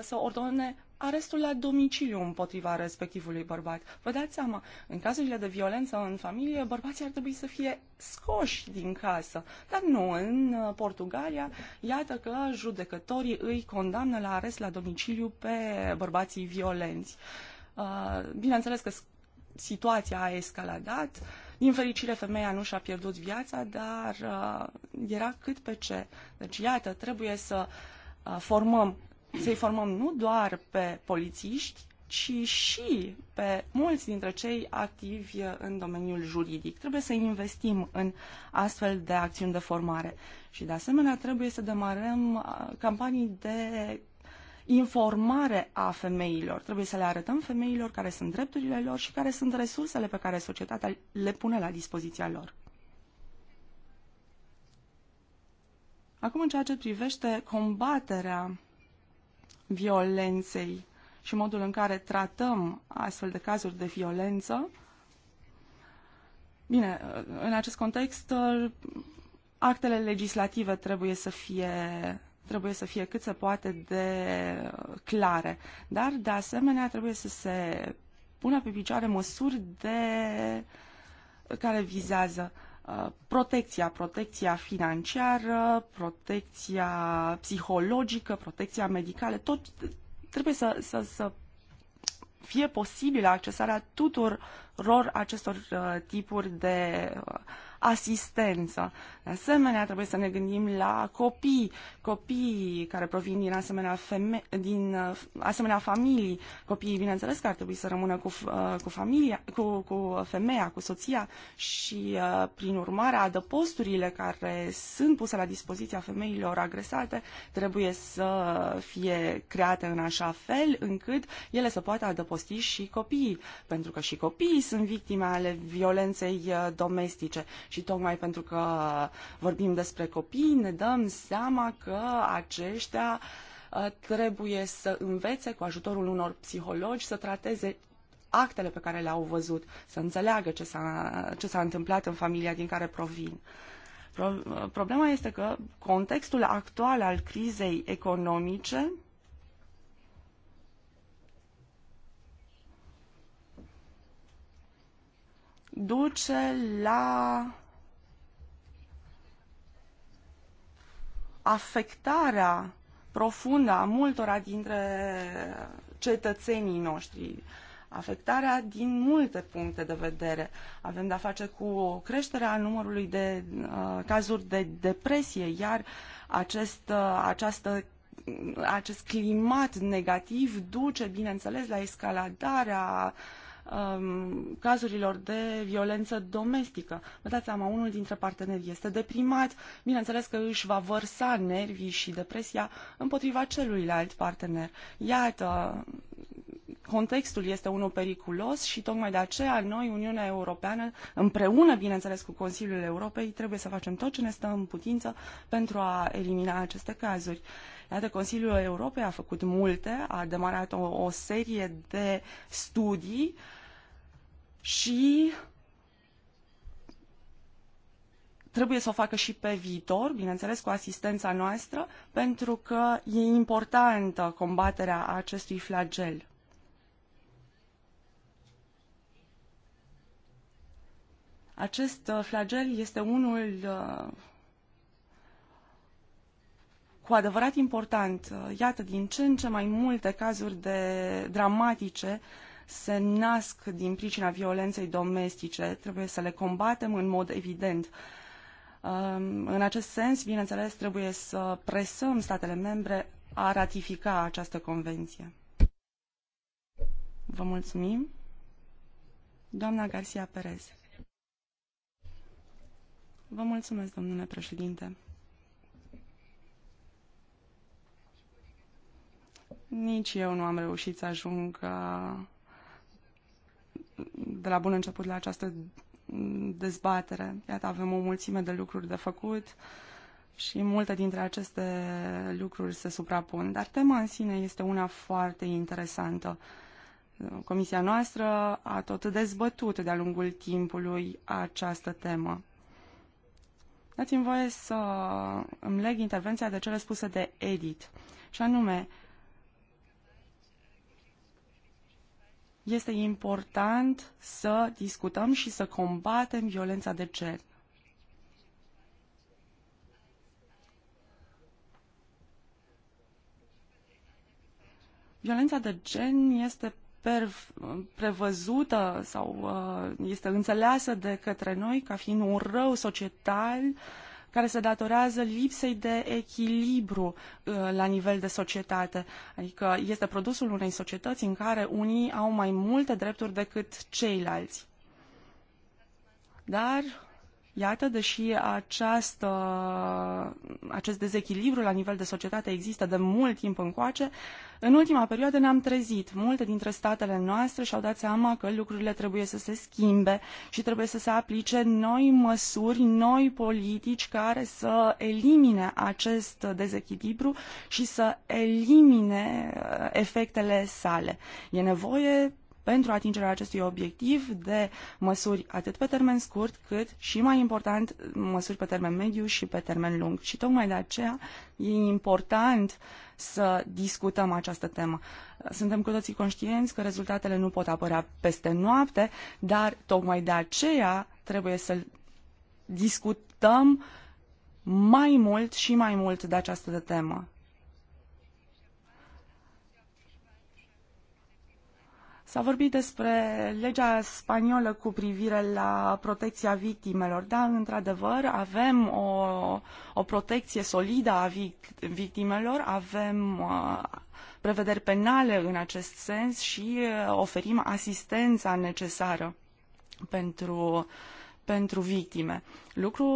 să ordone arestul la domiciliu împotriva respectivului bărbat. Vă dați seama, în cazurile de violență în familie, bărbații ar trebui să fie scoși din casă. Dar nu, în uh, Portugalia, iată că judecătorii îi condamnă la arest la domiciliu pe bărbații violenți. Uh, bineînțeles că situația a escaladat, din fericire, femeia nu și-a pierdut viața, dar uh, era cât pe ce. Deci, iată, trebuie să uh, formăm să-i formăm nu doar pe polițiști, ci și pe mulți dintre cei activi în domeniul juridic. Trebuie să investim în astfel de acțiuni de formare și, de asemenea, trebuie să demarăm uh, campanii de informare a femeilor. Trebuie să le arătăm femeilor care sunt drepturile lor și care sunt resursele pe care societatea le pune la dispoziția lor. Acum, în ceea ce privește combaterea violenței și modul în care tratăm astfel de cazuri de violență. Bine, în acest context, actele legislative trebuie să fie trebuie să fie cât se poate de clare, dar de asemenea trebuie să se pună pe picioare măsuri de care vizează uh, Uh, protecția, protecția financiară, protecția psihologică, protecția medicală, tot trebuie să, să, să fie posibilă accesarea tuturor acestor uh, tipuri de uh, asistență. De asemenea, trebuie să ne gândim la copii, copii care provin din asemenea, feme- din uh, asemenea familii. Copiii, bineînțeles, că ar trebui să rămână cu, uh, cu familia, cu, cu femeia, cu soția și, uh, prin urmare, adăposturile care sunt puse la dispoziția femeilor agresate trebuie să fie create în așa fel încât ele să poată adăposti și copiii, pentru că și copiii sunt victime ale violenței domestice și tocmai pentru că vorbim despre copii, ne dăm seama că aceștia uh, trebuie să învețe cu ajutorul unor psihologi să trateze actele pe care le-au văzut, să înțeleagă ce s-a, ce s-a întâmplat în familia din care provin. Uh, problema este că contextul actual al crizei economice duce la afectarea profundă a multora dintre cetățenii noștri afectarea din multe puncte de vedere. Avem de-a face cu creșterea numărului de uh, cazuri de depresie, iar acest, uh, această, acest climat negativ duce, bineînțeles, la escaladarea uh, um, cazurilor de violență domestică. Vă dați seama, unul dintre parteneri este deprimat, bineînțeles că își va vărsa nervii și depresia împotriva celuilalt partener. Iată, contextul este unul periculos și tocmai de aceea noi, Uniunea Europeană, împreună, bineînțeles, cu Consiliul Europei, trebuie să facem tot ce ne stă în putință pentru a elimina aceste cazuri. Iată, Consiliul Europei a făcut multe, a demarat o, o serie de studii uh, și trebuie să o facă și pe viitor, bineînțeles cu asistența noastră, pentru că e importantă combaterea acestui flagel. Acest uh, flagel este unul uh, cu adevărat important. Iată, din ce în ce mai multe cazuri de dramatice uh, se nasc din pricina violenței domestice. Trebuie să le combatem în mod evident. Um, în acest sens, bineînțeles, trebuie să presăm statele membre a ratifica această convenție. Vă mulțumim. Doamna Garcia Perez. Vă mulțumesc, domnule președinte. Nici eu nu am reușit să ajung de la bun început la această dezbatere. Iată, avem o mulțime de lucruri de făcut și multe dintre aceste lucruri se suprapun, dar tema în sine este una foarte interesantă. Comisia noastră a tot dezbătut de-a lungul timpului această temă. Dați-mi voie să îmi leg intervenția de cele spuse de Edit, și anume, este important să discutăm și să combatem violența de gen. Violența de gen este prevăzută sau uh, este înțeleasă de către noi ca fiind un rău societal uh, care se datorează lipsei de echilibru uh, la nivel de societate. Adică este produsul unei societăți în care unii au mai multe drepturi decât ceilalți. Dar Iată, deși această, acest dezechilibru la nivel de societate există de mult timp încoace, în ultima perioadă ne-am trezit. Multe dintre statele noastre și-au dat seama că lucrurile trebuie să se schimbe și trebuie să se aplice noi măsuri, noi politici care să elimine acest dezechilibru și să elimine uh, efectele sale. E nevoie pentru atingerea acestui obiectiv de măsuri atât pe termen scurt cât și mai important măsuri pe termen mediu și pe termen lung. Și tocmai de aceea e important să discutăm această temă. Suntem cu toții conștienți că rezultatele nu pot apărea peste noapte, dar tocmai de aceea trebuie să discutăm mai mult și mai mult de această temă. S-a vorbit despre legea spaniolă cu privire la protecția victimelor. Da, într-adevăr, avem o, o protecție solidă a victimelor, avem uh, prevederi penale în acest sens și uh, oferim asistența necesară pentru uh, pentru victime. Lucru,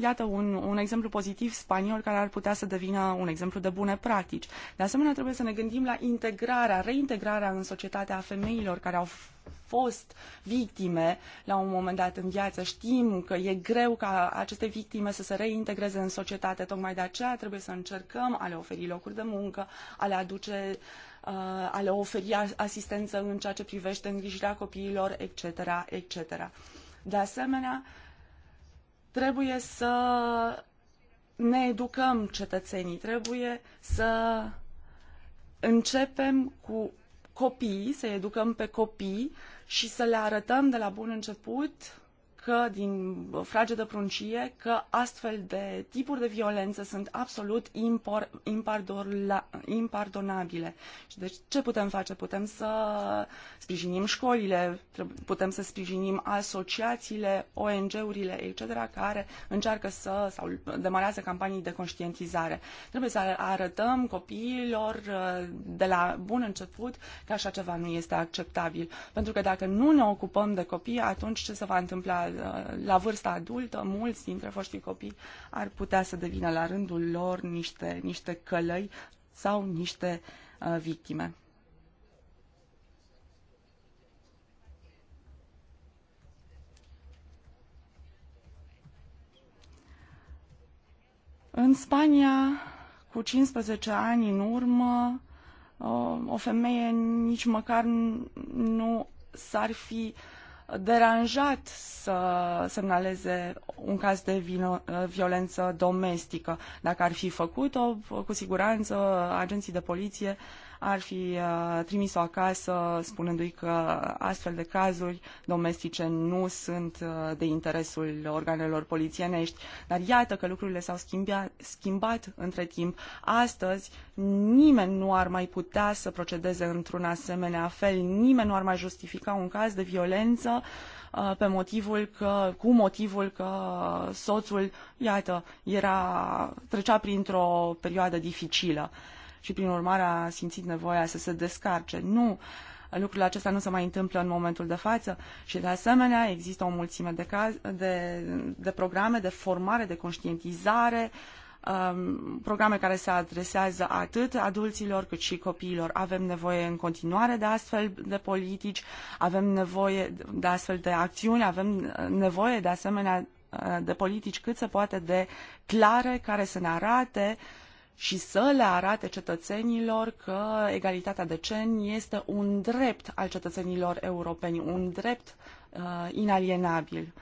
iată, un, un exemplu pozitiv spaniol care ar putea să devină un exemplu de bune practici. De asemenea, trebuie să ne gândim la integrarea, reintegrarea în societatea a femeilor care au fost victime la un moment dat în viață. Știm că e greu ca aceste victime să se reintegreze în societate, tocmai de aceea trebuie să încercăm a le oferi locuri de muncă, a le aduce uh, a le oferi asistență în ceea ce privește îngrijirea copiilor, etc., etc. De asemenea, trebuie să ne educăm cetățenii, trebuie să începem cu copiii, să educăm pe copii și să le arătăm de la bun început că din fragedă pruncie că astfel de tipuri de violență sunt absolut impor, impardonabile. Și deci ce putem face? Putem să sprijinim școlile, putem să sprijinim asociațiile, ONG-urile, etc., care încearcă să sau demarează campanii de conștientizare. Trebuie să arătăm copiilor uh, de la bun început că așa ceva nu este acceptabil. Pentru că dacă nu ne ocupăm de copii, atunci ce se va întâmpla? Uh, la vârsta adultă, mulți dintre foștii copii ar putea să devină la rândul lor niște, niște călăi sau niște uh, victime. În Spania, cu 15 ani în urmă, uh, o femeie nici măcar nu s-ar fi uh, deranjat să semnaleze un caz de vino, uh, violență domestică. Dacă ar fi făcut-o, cu siguranță agenții de poliție ar fi uh, trimis-o acasă spunându-i că astfel de cazuri domestice nu sunt uh, de interesul organelor polițienești. Dar iată că lucrurile s-au schimbat, schimbat între timp. Astăzi nimeni nu ar mai putea să procedeze într-un asemenea fel, nimeni nu ar mai justifica un caz de violență uh, pe motivul că, cu motivul că soțul, iată, era, trecea printr-o perioadă dificilă. Uh, și prin urmare a simțit nevoia să se descarce. Nu, lucrul acesta nu se mai întâmplă în momentul de față și de asemenea există o mulțime de, caz, de, de programe de formare, de conștientizare, um, programe care se adresează atât adulților cât și copiilor. Avem nevoie în continuare de astfel de politici, avem nevoie de astfel de acțiuni, avem nevoie de asemenea uh, de politici cât se poate de clare care să ne arate uh, și să le arate cetățenilor că egalitatea de gen este un drept al cetățenilor europeni, un drept uh, inalienabil.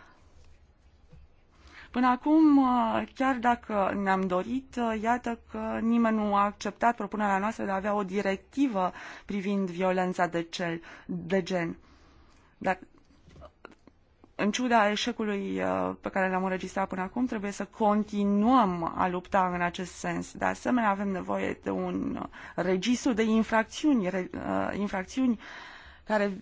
Până acum, uh, chiar dacă ne-am dorit, uh, iată că nimeni nu a acceptat propunerea noastră de a avea o directivă privind violența de, cel, de gen. Dar în ciuda eșecului uh, pe care l-am înregistrat până acum, trebuie să continuăm a lupta în acest sens. De asemenea, avem nevoie de un uh, registru de infracțiuni, uh, infracțiuni care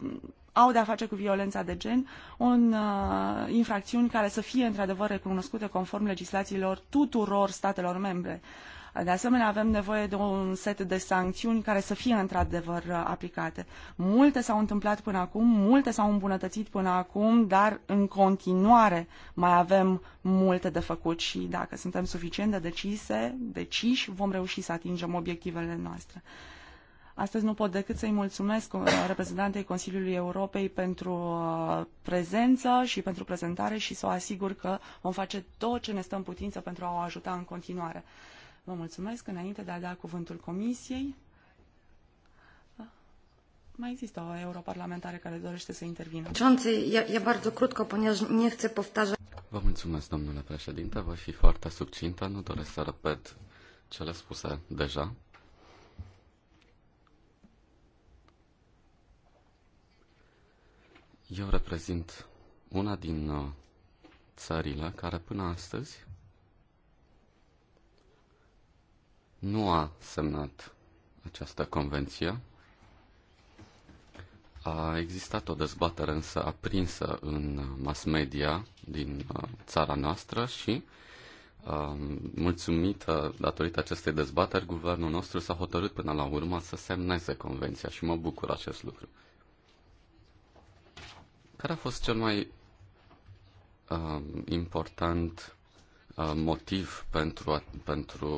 au de-a face cu violența de gen, un, uh, infracțiuni care să fie într-adevăr recunoscute conform legislațiilor tuturor statelor membre. Uh, de asemenea, avem nevoie de un set de sancțiuni care să fie într-adevăr uh, aplicate. Multe s-au întâmplat până acum, multe s-au îmbunătățit până acum, dar în continuare mai avem multe de făcut și dacă suntem suficient de decise, deciși, vom reuși să atingem obiectivele noastre. Astăzi nu pot decât să-i mulțumesc uh, reprezentantei Consiliului Europei pentru uh, prezență și pentru prezentare și să o asigur că vom face tot ce ne stă în putință pentru a o ajuta în continuare. Vă mulțumesc. Înainte de a da cuvântul Comisiei, mai există o europarlamentare care dorește să intervină.
e
Vă mulțumesc, domnule președinte. Voi fi foarte succintă. Nu doresc să repet cele spuse deja. Eu reprezint una din uh, țările care până astăzi nu a semnat această convenție. A existat o dezbatere însă aprinsă în mass media din uh, țara noastră și um, mulțumită datorită acestei dezbateri, guvernul nostru s-a hotărât până la urmă să semneze convenția și mă bucur acest lucru. Care a fost cel mai um, important Uh, motiv pentru, pentru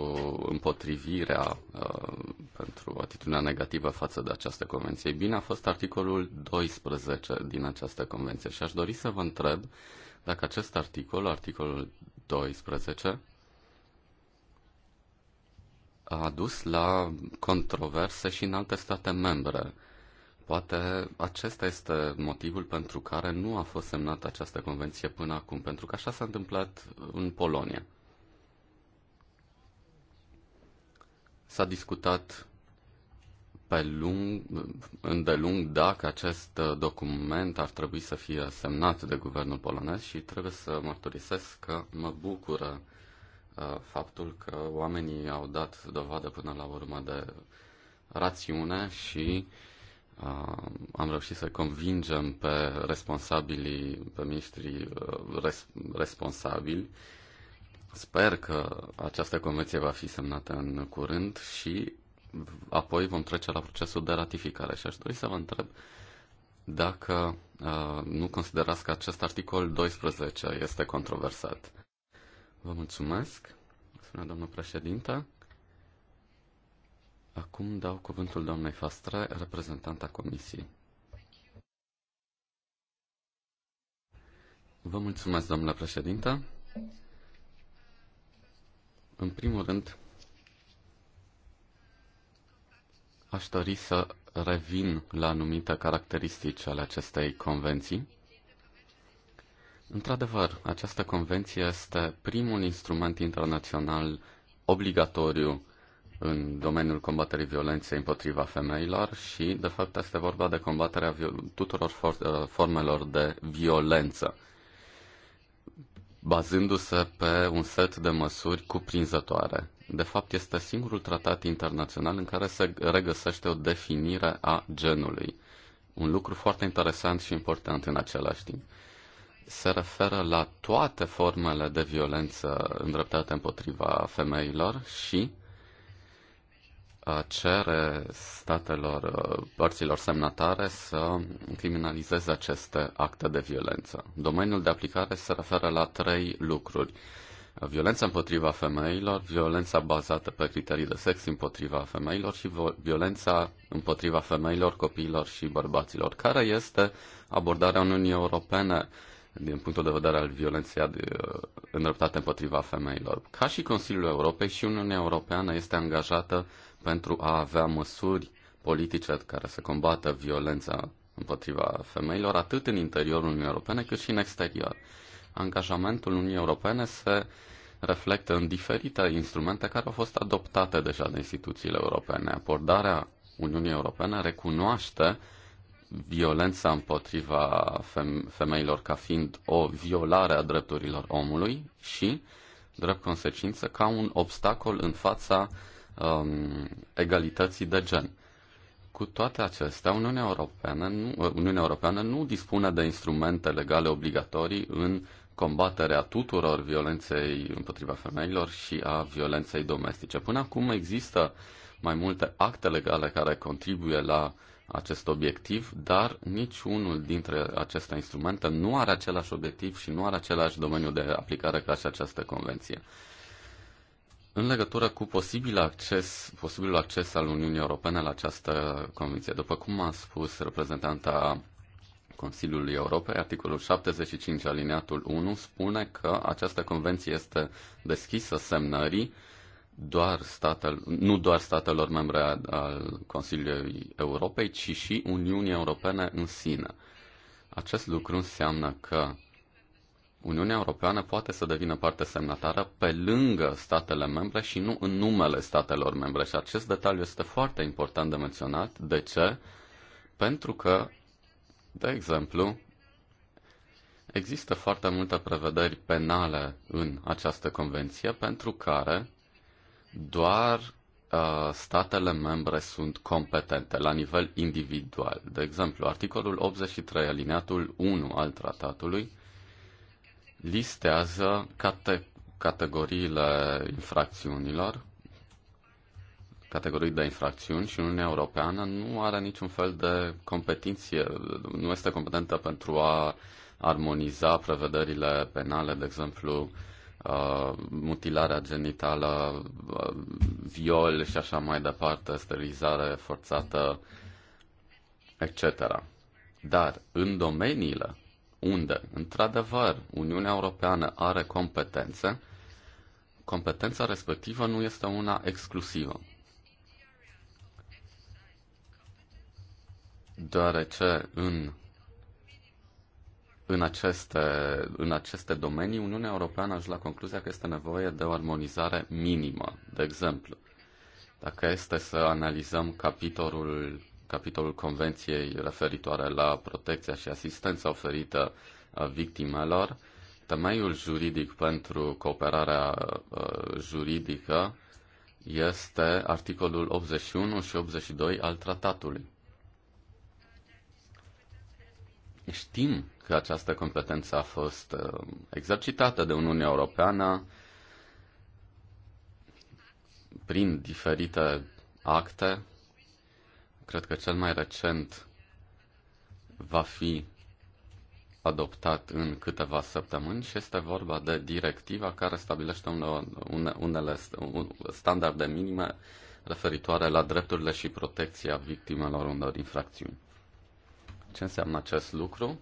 împotrivirea, uh, pentru atitudinea negativă față de această convenție. Ei bine, a fost articolul 12 din această convenție și aș dori să vă întreb dacă acest articol, articolul 12, a dus la controverse și în alte state membre. Poate acesta este motivul pentru care nu a fost semnată această convenție până acum, pentru că așa s-a întâmplat în Polonia. S-a discutat pe lung, îndelung dacă acest document ar trebui să fie semnat de guvernul polonez și trebuie să mărturisesc că mă bucură uh, faptul că oamenii au dat dovadă până la urmă de rațiune și uh, am reușit să convingem pe responsabilii, pe ministrii uh, res, responsabili. Sper că această convenție va fi semnată în curând și apoi vom trece la procesul de ratificare. Și aș dori să vă întreb dacă uh, nu considerați că acest articol 12 este controversat. Vă mulțumesc, spune domnul președinte. Acum dau cuvântul doamnei Fastre, reprezentanta Comisiei. Vă mulțumesc, domnule președinte. În primul rând, aș dori să revin la anumite caracteristici ale acestei convenții. Într-adevăr, această convenție este primul instrument internațional obligatoriu în domeniul combaterii violenței împotriva femeilor și, de fapt, este vorba de combaterea tuturor for- uh, formelor de violență, bazându-se pe un set de măsuri cuprinzătoare. De fapt, este singurul tratat internațional în care se regăsește o definire a genului. Un lucru foarte interesant și important în același timp se referă la toate formele de violență îndreptate împotriva femeilor și cere statelor, uh, părților semnatare să criminalizeze aceste acte de violență. Domeniul de aplicare se referă la trei lucruri. Violența împotriva femeilor, violența bazată pe criterii de sex împotriva femeilor și violența împotriva femeilor, copiilor și bărbaților. Care este abordarea Uniunii Europene din punctul de vedere al violenței uh, îndreptate împotriva femeilor? Ca și Consiliul Europei, și Uniunea Europeană este angajată pentru a avea măsuri politice care să combată violența împotriva femeilor, atât în interiorul Uniunii Europene, cât și în exterior. Angajamentul Uniunii Europene se reflectă în diferite instrumente care au fost adoptate deja de instituțiile europene. Abordarea Uniunii Europene recunoaște violența împotriva femeilor ca fiind o violare a drepturilor omului și, drept consecință, ca un obstacol în fața uh, um, egalității de gen. Cu toate acestea, Uniunea Europeană, nu, uh, Uniunea Europeană nu dispune de instrumente legale obligatorii în combaterea tuturor violenței împotriva femeilor și a violenței domestice. Până acum există mai multe acte legale care contribuie la acest obiectiv, dar niciunul dintre aceste instrumente nu are același obiectiv și nu are același domeniu de aplicare ca și această convenție în legătură cu posibil acces, posibilul acces al Uniunii Europene la această convenție. După cum a spus reprezentanta Consiliului Europei, articolul 75 alineatul 1 spune că această convenție este deschisă semnării doar statel, nu doar statelor membre al Consiliului Europei, ci și Uniunii Europene în sine. Acest lucru înseamnă că Uniunea Europeană poate să devină parte semnatară pe lângă statele membre și nu în numele statelor membre. Și acest detaliu este foarte important de menționat. De ce? Pentru că, de exemplu, există foarte multe prevederi penale în această convenție pentru care doar uh, statele membre sunt competente la nivel individual. De exemplu, articolul 83, alineatul 1 al tratatului, listează cate- categoriile infracțiunilor, categorii de infracțiuni și Uniunea Europeană nu are niciun fel de competiție, nu este competentă pentru a armoniza prevederile penale, de exemplu, uh, mutilarea genitală, uh, viol și așa mai departe, sterilizare forțată, etc. Dar în domeniile unde, într-adevăr, Uniunea Europeană are competențe, competența respectivă nu este una exclusivă. Deoarece în, în, aceste, în aceste domenii, Uniunea Europeană ajunge la concluzia că este nevoie de o armonizare minimă. De exemplu, dacă este să analizăm capitolul capitolul Convenției referitoare la protecția și asistența oferită victimelor, temeiul juridic pentru cooperarea juridică este articolul 81 și 82 al tratatului. Știm că această competență a fost exercitată de Uniunea Europeană prin diferite acte Cred că cel mai recent va fi adoptat în câteva săptămâni și este vorba de directiva care stabilește unele, unele standarde minime referitoare la drepturile și protecția victimelor unor infracțiuni. Ce înseamnă acest lucru?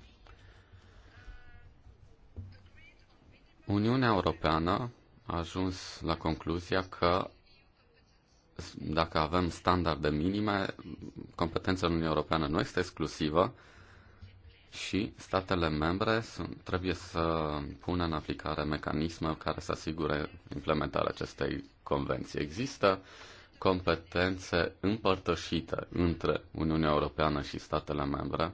Uniunea Europeană a ajuns la concluzia că dacă avem standarde minime, competența în Uniunea Europeană nu este exclusivă și statele membre sunt, trebuie să pună în aplicare mecanisme care să asigure implementarea acestei convenții. Există competențe împărtășite între Uniunea Europeană și statele membre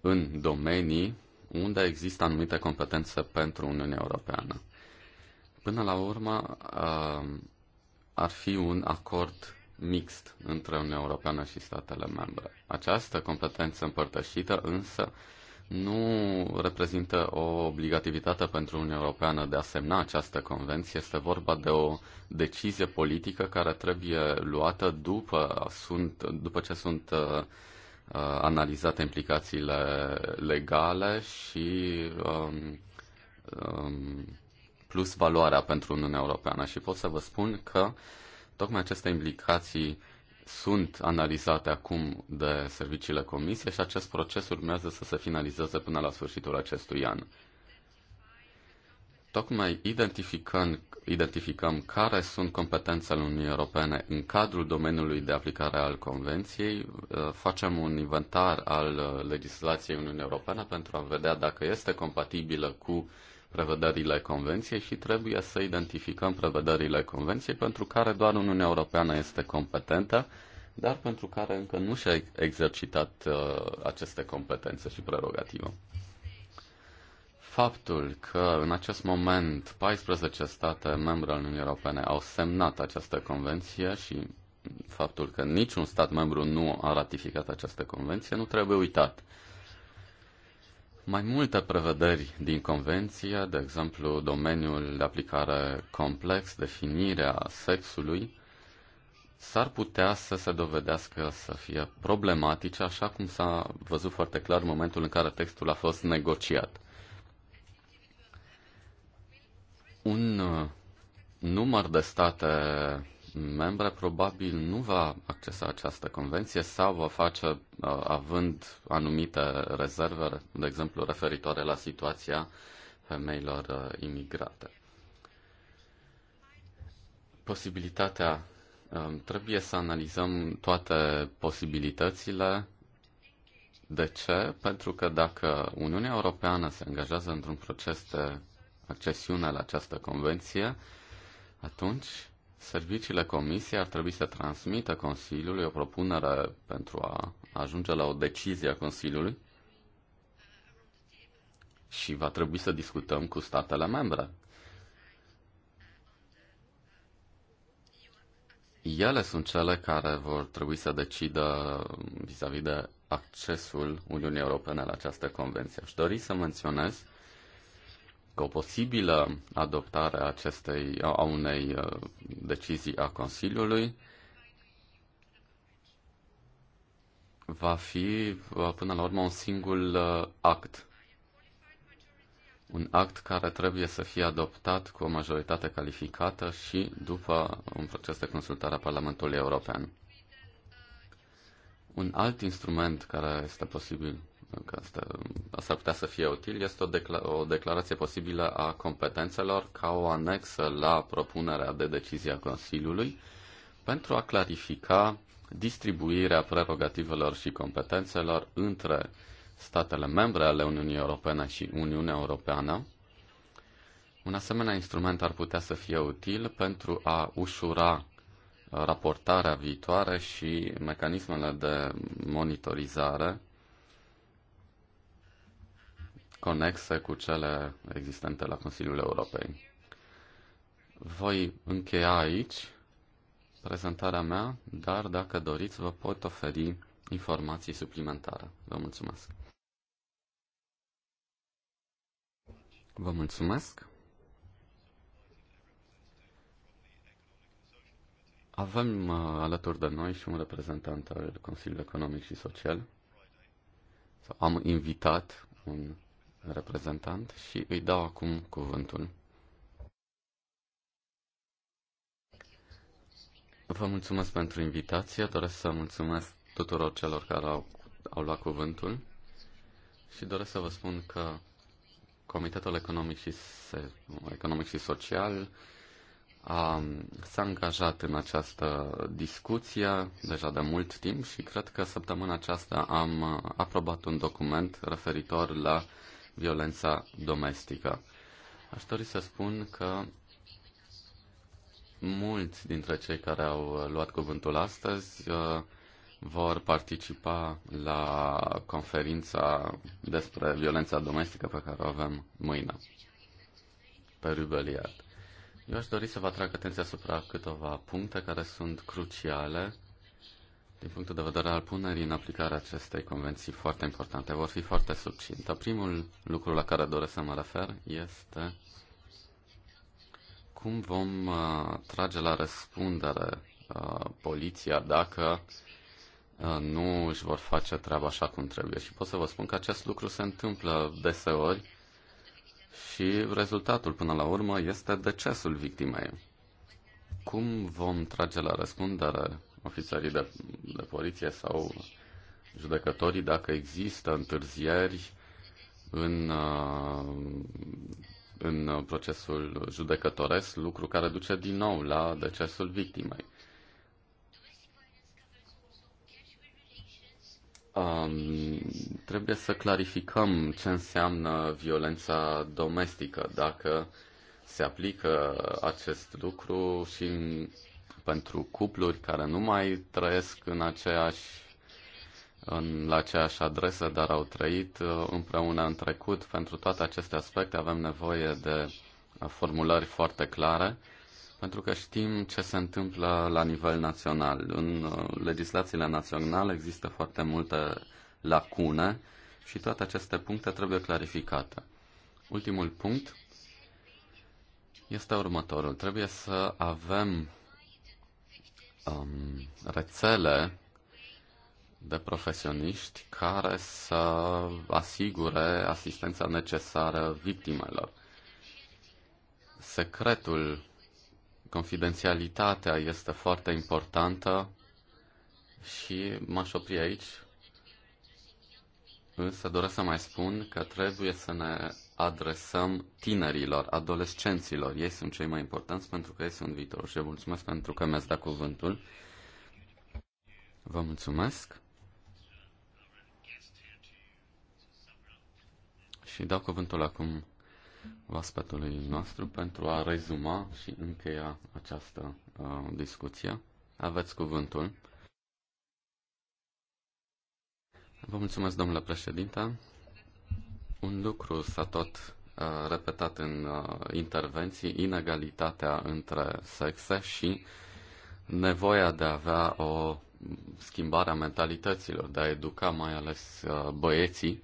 în domenii unde există anumite competențe pentru Uniunea Europeană. Până la urmă, uh, ar fi un acord mixt între Uniunea Europeană și statele membre. Această competență împărtășită însă nu reprezintă o obligativitate pentru Uniunea Europeană de a semna această convenție. Este vorba de o decizie politică care trebuie luată după, sunt, după ce sunt uh, uh analizate implicațiile legale și um, um, plus valoarea pentru Uniunea Europeană și pot să vă spun că tocmai aceste implicații sunt analizate acum de serviciile Comisiei și acest proces urmează să se finalizeze până la sfârșitul acestui an. Tocmai identificăm, identificăm care sunt competențele Uniunii Europene în cadrul domeniului de aplicare al Convenției, facem un inventar al legislației Uniunii Europene pentru a vedea dacă este compatibilă cu prevederile Convenției și trebuie să identificăm prevederile Convenției pentru care doar Uniunea Europeană este competentă, dar pentru care încă nu și-a exercitat uh, aceste competențe și prerogative. Faptul că în acest moment 14 state membre al Uniunii Europene au semnat această convenție și faptul că niciun stat membru nu a ratificat această convenție nu trebuie uitat. Mai multe prevederi din convenție, de exemplu domeniul de aplicare complex, definirea sexului, s-ar putea să se dovedească să fie problematice, așa cum s-a văzut foarte clar în momentul în care textul a fost negociat. Un uh, număr de state membre probabil nu va accesa această convenție sau va face uh, având anumite rezerve, de exemplu referitoare la situația femeilor uh, imigrate. Posibilitatea um, trebuie să analizăm toate posibilitățile. De ce? Pentru că dacă Uniunea Europeană se angajează într-un proces de accesiune la această convenție, atunci Serviciile Comisiei ar trebui să transmită Consiliului o propunere pentru a ajunge la o decizie a Consiliului și va trebui să discutăm cu statele membre. Ele sunt cele care vor trebui să decidă vis-a-vis -vis de accesul Uniunii Europene la această convenție. Aș dori să menționez că o posibilă adoptare a, acestei, a unei uh, decizii a Consiliului va fi uh, până la urmă un singur uh, act. Un act care trebuie să fie adoptat cu o majoritate calificată și după un proces de consultare a Parlamentului European. Un alt instrument care este posibil că asta, asta ar putea să fie util, este o, decla- o declarație posibilă a competențelor ca o anexă la propunerea de decizie a Consiliului pentru a clarifica distribuirea prerogativelor și competențelor între statele membre ale Uniunii Europene și Uniunea Europeană. Un asemenea instrument ar putea să fie util pentru a ușura uh, raportarea viitoare și mecanismele de monitorizare conexe cu cele existente la Consiliul Europei. Voi încheia aici prezentarea mea, dar dacă doriți, vă pot oferi informații suplimentare. Vă mulțumesc! Vă mulțumesc! Avem uh, alături de noi și un reprezentant al Consiliului Economic și Social. Am invitat un reprezentant și îi dau acum cuvântul. Vă mulțumesc pentru invitație, doresc să mulțumesc tuturor celor care au, au luat cuvântul și doresc să vă spun că Comitetul Economic și, Se- Economic și Social a, um, s-a angajat în această discuție deja de mult timp și cred că săptămâna aceasta am uh, aprobat un document referitor la violența domestică. Aș dori să spun că mulți dintre cei care au luat cuvântul astăzi uh, vor participa la conferința despre violența domestică pe care o avem mâine pe Rubeliat. Eu aș dori să vă atrag atenția asupra câteva puncte care sunt cruciale din punctul de vedere al punerii în aplicare acestei convenții foarte importante. Vor fi foarte subțintă. Primul lucru la care doresc să mă refer este cum vom uh, trage la răspundere uh, poliția dacă uh, nu își vor face treaba așa cum trebuie. Și pot să vă spun că acest lucru se întâmplă deseori și rezultatul până la urmă este decesul victimei. Cum vom trage la răspundere ofițerii de, de poliție sau judecătorii dacă există întârzieri în, uh, în procesul judecătoresc, lucru care duce din nou la decesul victimei. Um, trebuie să clarificăm ce înseamnă violența domestică, dacă se aplică acest lucru și în pentru cupluri care nu mai trăiesc în aceeași, în, la aceeași adresă, dar au trăit uh, împreună în trecut. Pentru toate aceste aspecte avem nevoie de uh, formulări foarte clare, pentru că știm ce se întâmplă la nivel național. În uh, legislațiile naționale există foarte multe lacune și toate aceste puncte trebuie clarificate. Ultimul punct este următorul. Trebuie să avem um, rețele de profesioniști care să asigure asistența necesară victimelor. Secretul, confidențialitatea este foarte importantă și m-aș opri aici, însă doresc să mai spun că trebuie să ne adresăm tinerilor, adolescenților. Ei sunt cei mai importanți pentru că ei sunt viitorul. Și eu mulțumesc pentru că mi-ați dat cuvântul. Vă mulțumesc. Și dau cuvântul acum oaspetului nostru pentru a rezuma și încheia această uh, discuție. Aveți cuvântul. Vă mulțumesc, domnule președinte. Un lucru s-a tot uh, repetat în uh, intervenții, inegalitatea între sexe și nevoia de a avea o schimbare a mentalităților, de a educa mai ales uh, băieții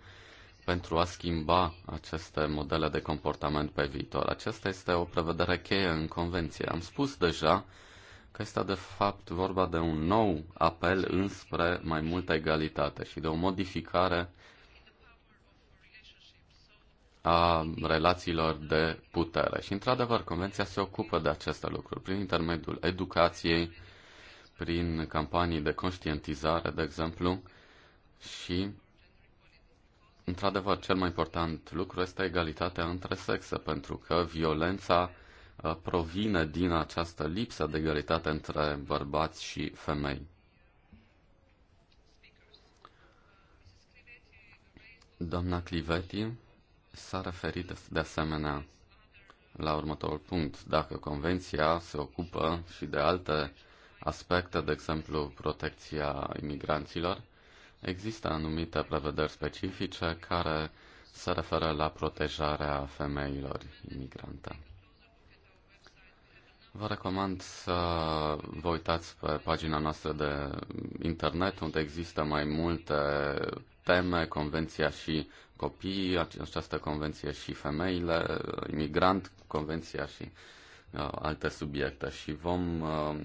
pentru a schimba aceste modele de comportament pe viitor. Aceasta este o prevedere cheie în convenție. Am spus deja că este de fapt vorba de un nou apel înspre mai multă egalitate și de o modificare a relațiilor de putere. Și, într-adevăr, Convenția se ocupă de aceste lucruri prin intermediul educației, prin campanii de conștientizare, de exemplu, și, într-adevăr, cel mai important lucru este egalitatea între sexe, pentru că violența provine din această lipsă de egalitate între bărbați și femei. Doamna Cliveti s-a referit de asemenea la următorul punct. Dacă convenția se ocupă și de alte aspecte, de exemplu protecția imigranților, există anumite prevederi specifice care se referă la protejarea femeilor imigrante. Vă recomand să vă uitați pe pagina noastră de internet, unde există mai multe teme, convenția și copiii, această convenție și femeile, imigrant, convenția și uh, alte subiecte. Și vom uh,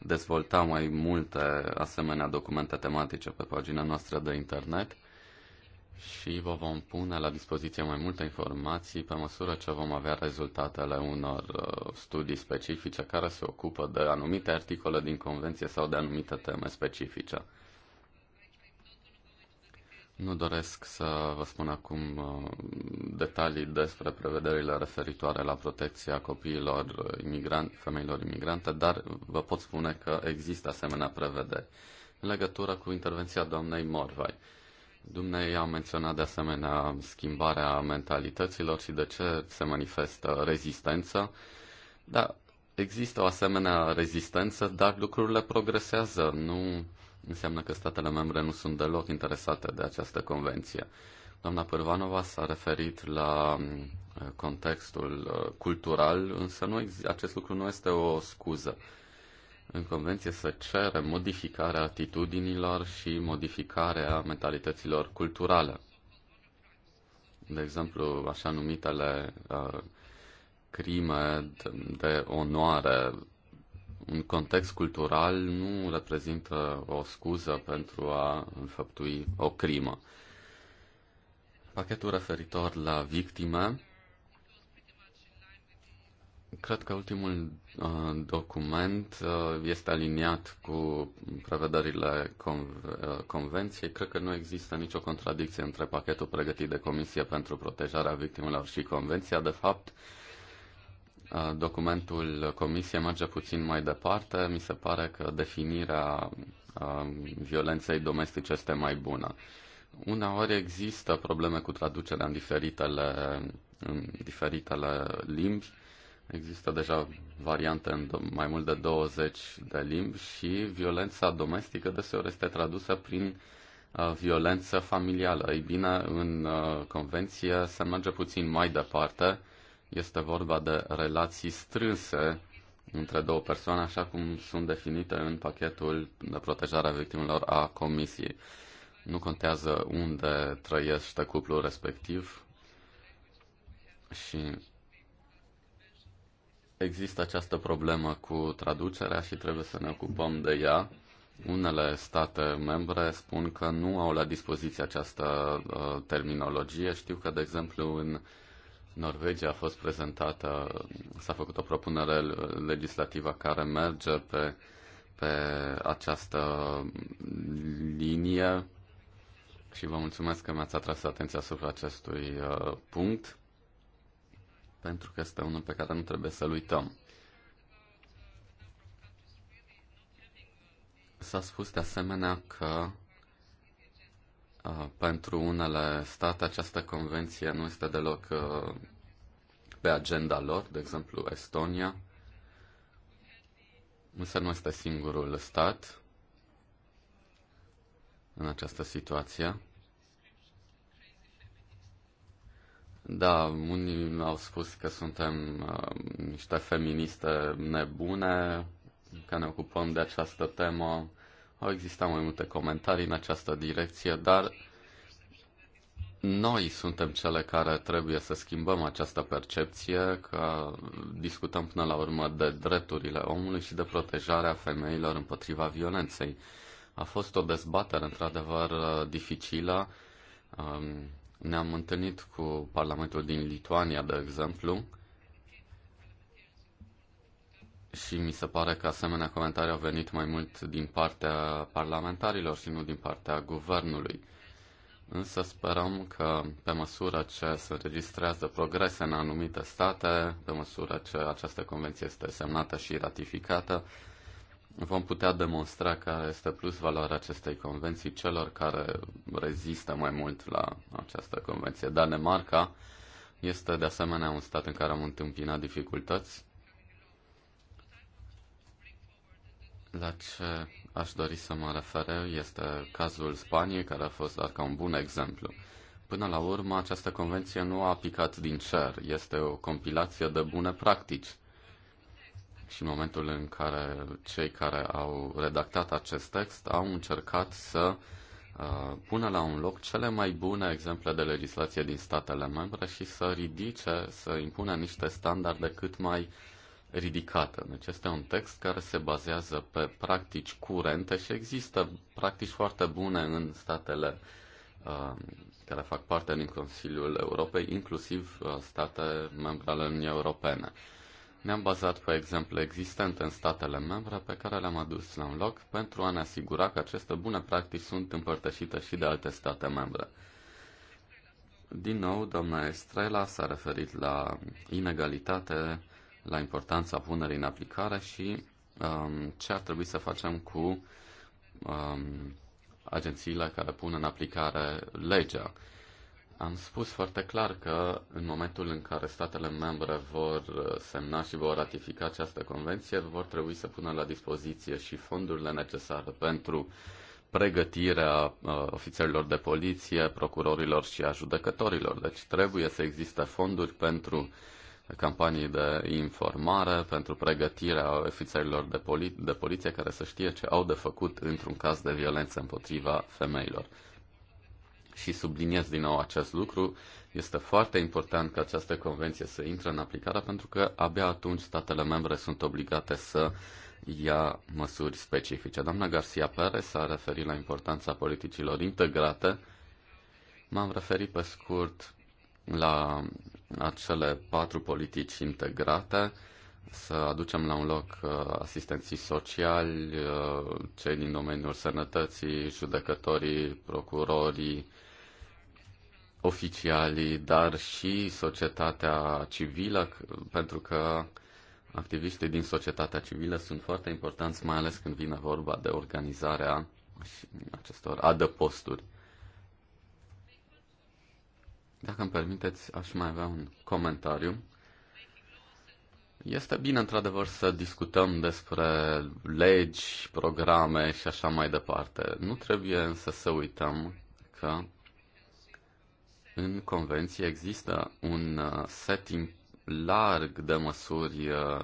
dezvolta mai multe asemenea documente tematice pe pagina noastră de internet și vă vom pune la dispoziție mai multe informații pe măsură ce vom avea rezultatele unor uh, studii specifice care se ocupă de anumite articole din convenție sau de anumite teme specifice. Nu doresc să vă spun acum uh, detalii despre prevederile referitoare la protecția copiilor imigranți, femeilor imigrante, dar vă pot spune că există asemenea prevederi. În legătură cu intervenția doamnei Morvai, dumnei a menționat de asemenea schimbarea mentalităților și de ce se manifestă rezistență. Da, există o asemenea rezistență, dar lucrurile progresează, nu înseamnă că statele membre nu sunt deloc interesate de această convenție. Doamna Pârvanova s-a referit la mm, contextul uh, cultural, însă nu acest lucru nu este o scuză. În convenție se cere modificarea atitudinilor și modificarea mentalităților culturale. De exemplu, așa numitele uh, crime de onoare un context cultural nu reprezintă o scuză pentru a înfăptui o crimă. Pachetul referitor la victime, cred că ultimul uh, document uh, este aliniat cu prevederile con- uh, convenției. Cred că nu există nicio contradicție între pachetul pregătit de Comisie pentru protejarea victimelor și convenția. De fapt, uh, Documentul Comisiei merge puțin mai departe. Mi se pare că definirea violenței domestice este mai bună. Uneori există probleme cu traducerea în diferitele, în diferitele limbi. Există deja variante în mai mult de 20 de limbi și violența domestică deseori este tradusă prin violență familială. Ei bine, în convenție se merge puțin mai departe este vorba de relații strânse între două persoane, așa cum sunt definite în pachetul de protejare a victimelor a Comisiei. Nu contează unde trăiește cuplul respectiv și există această problemă cu traducerea și trebuie să ne ocupăm de ea. Unele state membre spun că nu au la dispoziție această uh, terminologie. Știu că, de exemplu, în Norvegia a fost prezentată, s-a făcut o propunere legislativă care merge pe, pe această linie și vă mulțumesc că mi-ați atras atenția asupra acestui uh, punct, pentru că este unul pe care nu trebuie să-l uităm. S-a spus de asemenea că Uh, pentru unele state această convenție nu este deloc uh, pe agenda lor, de exemplu Estonia, însă nu este singurul stat în această situație. Da, unii au spus că suntem uh, niște feministe nebune, că ne ocupăm de această temă au existat mai multe comentarii în această direcție, dar noi suntem cele care trebuie să schimbăm această percepție că discutăm până la urmă de drepturile omului și de protejarea femeilor împotriva violenței. A fost o dezbatere într-adevăr dificilă. Ne-am întâlnit cu Parlamentul din Lituania, de exemplu, și mi se pare că asemenea comentarii au venit mai mult din partea parlamentarilor și nu din partea guvernului. Însă sperăm că pe măsură ce se registrează progrese în anumite state, pe măsură ce această convenție este semnată și ratificată, vom putea demonstra care este plus valoarea acestei convenții celor care rezistă mai mult la această convenție. Danemarca este de asemenea un stat în care am întâmpinat dificultăți La ce aș dori să mă refer este cazul Spaniei, care a fost doar ca un bun exemplu. Până la urmă, această convenție nu a picat din cer, este o compilație de bune practici. Și în momentul în care cei care au redactat acest text au încercat să uh, pună la un loc cele mai bune exemple de legislație din statele membre și să ridice, să impună niște standarde cât mai uh, ridicată. Deci este un text care se bazează pe practici curente și există practici foarte bune în statele uh, care fac parte din Consiliul Europei, inclusiv uh, state membre ale Uniunii Europene. Ne-am bazat pe exemple existente în statele membre pe care le-am adus la un loc pentru a ne asigura că aceste bune practici sunt împărtășite și de alte state membre. Din nou, doamna Estrela s-a referit la inegalitate, la importanța punerii în aplicare și um, ce ar trebui să facem cu um, agențiile care pun în aplicare legea. Am spus foarte clar că în momentul în care statele membre vor semna și vor ratifica această convenție, vor trebui să pună la dispoziție și fondurile necesare pentru pregătirea uh, ofițerilor de poliție, procurorilor și a judecătorilor. Deci trebuie să existe fonduri pentru uh, campanii de informare pentru pregătirea ofițerilor de, poli- de poliție care să știe ce au de făcut într-un caz de violență împotriva femeilor. Și subliniez din nou acest lucru, este foarte important ca această convenție să intre în aplicare pentru că abia atunci statele membre sunt obligate să ia măsuri specifice. Doamna Garcia Perez s-a referit la importanța politicilor integrate. M-am referit pe scurt la acele patru politici integrate, să aducem la un loc uh, asistenții sociali, uh, cei din domeniul sănătății, judecătorii, procurorii, oficialii, dar și societatea civilă, pentru că activiștii din societatea civilă sunt foarte importanți, mai ales când vine vorba de organizarea acestor adăposturi. Dacă îmi permiteți, aș mai avea un comentariu. Este bine, într-adevăr, să discutăm despre legi, programe și așa mai departe. Nu trebuie însă să uităm că în convenție există un uh, setting larg de măsuri uh,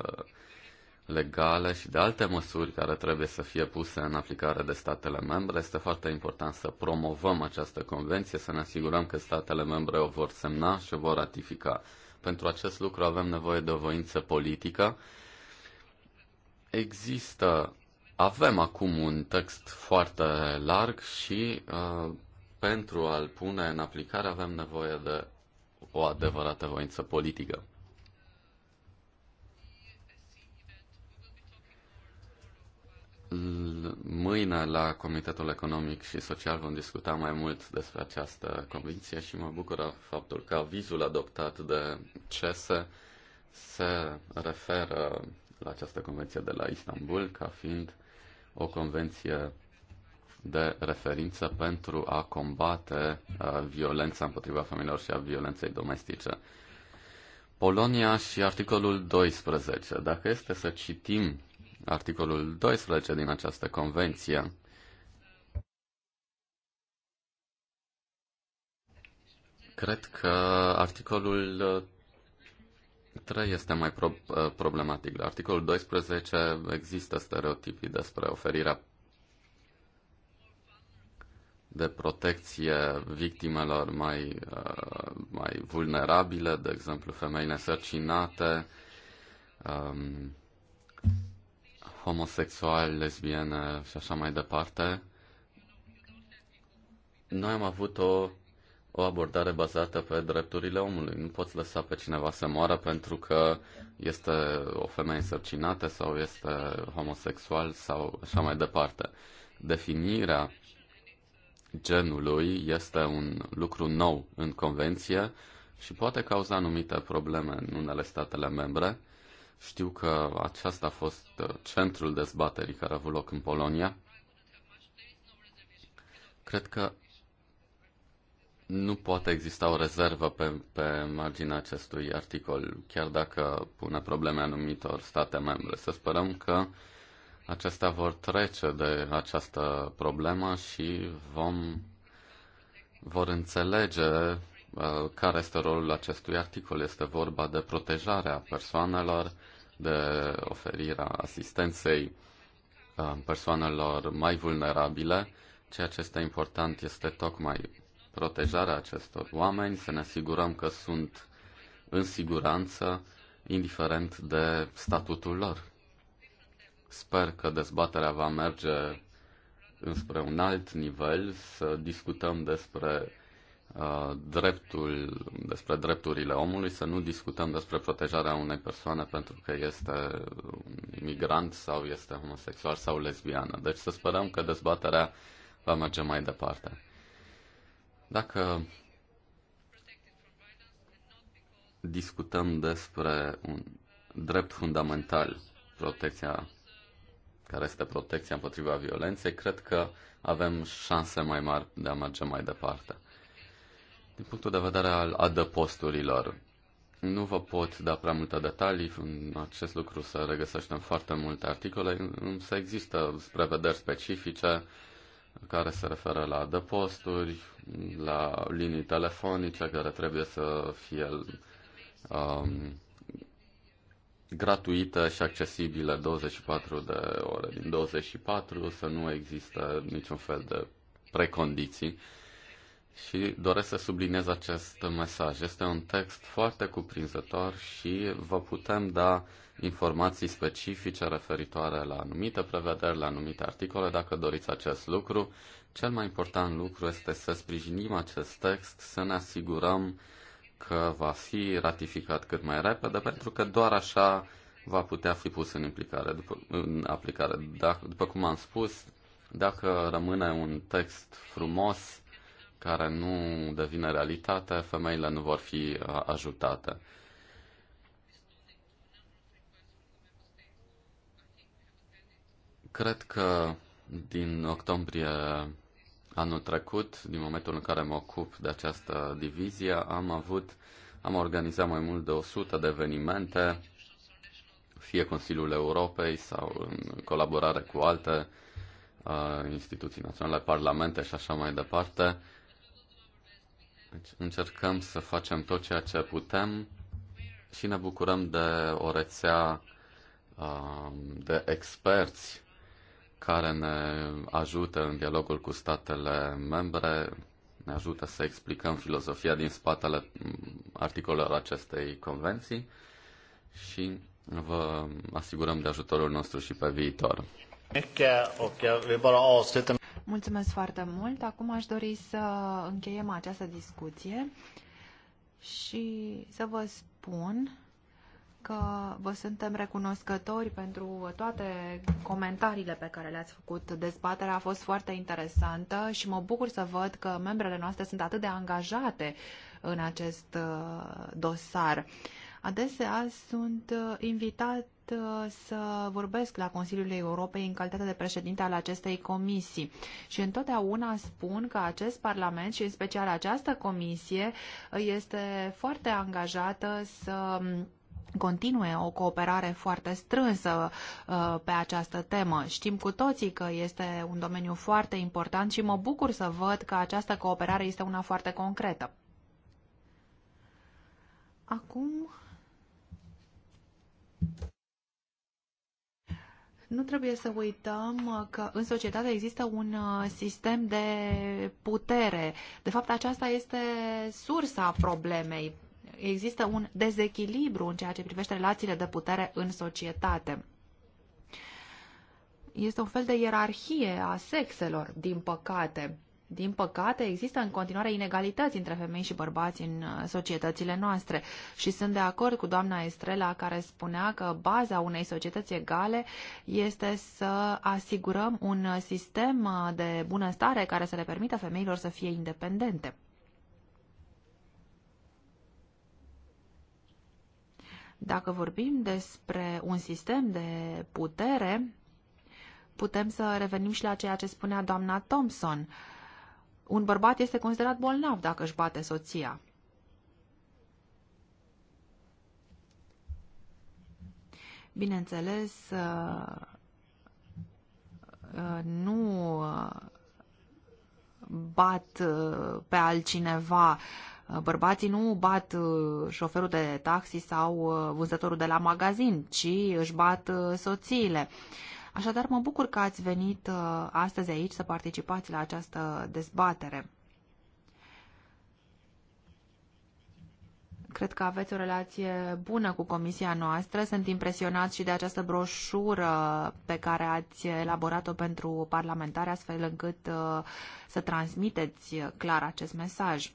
legale și de alte măsuri care trebuie să fie puse în aplicare de statele membre. Este foarte important să promovăm această convenție, să ne asigurăm că statele membre o vor semna și o vor ratifica. Pentru acest lucru avem nevoie de o voință politică. Există, avem acum un text foarte larg și uh, pentru a-l pune în aplicare avem nevoie de o adevărată voință politică. Mâine la Comitetul Economic și Social vom discuta mai mult despre această convenție și mă bucură faptul că avizul adoptat de CESE se referă la această convenție de la Istanbul ca fiind o convenție de referință pentru a combate uh, violența împotriva femeilor și a violenței domestice. Polonia și articolul 12. Dacă este să citim articolul 12 din această convenție. Cred că articolul 3 este mai pro- problematic. La articolul 12 există stereotipii despre oferirea de protecție victimelor mai, uh, mai vulnerabile, de exemplu femei nesărcinate. um, homosexuali, lesbiene și așa mai departe, noi am avut o, o abordare bazată pe drepturile omului. Nu poți lăsa pe cineva să moară pentru că este o femeie însărcinată sau este homosexual sau așa mai departe. Definirea genului este un lucru nou în convenție și poate cauza anumite probleme în unele statele membre știu că aceasta a fost uh, centrul dezbaterii care a avut loc în Polonia. Cred că nu poate exista o rezervă pe, pe marginea acestui articol, chiar dacă pune probleme anumitor state membre. Să sperăm că acestea vor trece de această problemă și vom, vor înțelege Uh, care este rolul acestui articol. Este vorba de protejarea persoanelor, de oferirea asistenței uh, persoanelor mai vulnerabile. Ceea ce este important este tocmai protejarea acestor oameni, să ne asigurăm că sunt în siguranță, indiferent de statutul lor. Sper că dezbaterea va merge înspre un alt nivel, să discutăm despre Uh, dreptul, despre drepturile omului, să nu discutăm despre protejarea unei persoane pentru că este migrant sau este homosexual sau lesbiană. Deci să sperăm că dezbaterea va merge mai departe. Dacă discutăm despre un drept fundamental, protecția care este protecția împotriva violenței, cred că avem șanse mai mari de a merge mai departe. Din punctul de vedere al adăposturilor, nu vă pot da prea multe detalii, în acest lucru se regăsește în foarte multe articole, însă există prevederi specifice care se referă la adăposturi, la linii telefonice care trebuie să fie um, gratuită și accesibilă 24 de ore din 24, să nu există niciun fel de precondiții și doresc să subliniez acest mesaj. Este un text foarte cuprinzător și vă putem da informații specifice referitoare la anumite prevederi, la anumite articole, dacă doriți acest lucru. Cel mai important lucru este să sprijinim acest text, să ne asigurăm că va fi ratificat cât mai repede, pentru că doar așa va putea fi pus în, implicare, după, în aplicare. Dacă, după cum am spus, dacă rămâne un text frumos, care nu devine realitate, femeile nu vor fi uh, ajutate. Cred că din octombrie anul trecut, din momentul în care mă ocup de această divizie, am avut, am organizat mai mult de 100 de evenimente, fie Consiliul Europei sau în colaborare cu alte uh, instituții naționale, parlamente și așa mai departe, deci încercăm să facem tot ceea ce putem și ne bucurăm de o rețea um, de experți care ne ajută în dialogul cu statele membre, ne ajută să explicăm filozofia din spatele mm, articolelor acestei convenții și vă asigurăm de ajutorul nostru și pe viitor.
Mulțumesc foarte mult. Acum aș dori să încheiem această discuție și să vă spun că vă suntem recunoscători pentru toate comentariile pe care le-ați făcut. Dezbaterea a fost foarte interesantă și mă bucur să văd că membrele noastre sunt atât de angajate în acest uh, dosar. Adesea sunt uh, invitat Uh, să vorbesc la Consiliul Europei în calitate de președinte al acestei comisii și întotdeauna spun că acest Parlament și în special această comisie uh, este foarte angajată să um, continue o cooperare foarte strânsă uh, pe această temă. Știm cu toții că este un domeniu foarte important și mă bucur să văd că această cooperare este una foarte concretă. Acum Nu trebuie să uităm uh, că în societate există un uh, sistem de putere. De fapt, aceasta este sursa problemei. Există un dezechilibru în ceea ce privește relațiile de putere în societate. Este un fel de ierarhie a sexelor, din păcate din păcate, există în continuare inegalități între femei și bărbați în uh, societățile noastre și sunt de acord cu doamna Estrela care spunea că baza unei societăți egale este să asigurăm un uh, sistem uh, de bunăstare care să le permită femeilor să fie independente. Dacă vorbim despre un sistem de putere, putem să revenim și la ceea ce spunea doamna Thompson. Uh, un bărbat este considerat bolnav dacă își bate soția. Bineînțeles, uh, uh, nu uh, bat pe altcineva. Bărbații nu bat șoferul de taxi sau vânzătorul de la magazin, ci își bat soțiile. Așadar, mă bucur că ați venit uh, astăzi aici să participați la această dezbatere. Cred că aveți o relație bună cu comisia noastră. Sunt impresionat și de această broșură pe care ați elaborat-o pentru parlamentare, astfel încât uh, să transmiteți clar acest mesaj.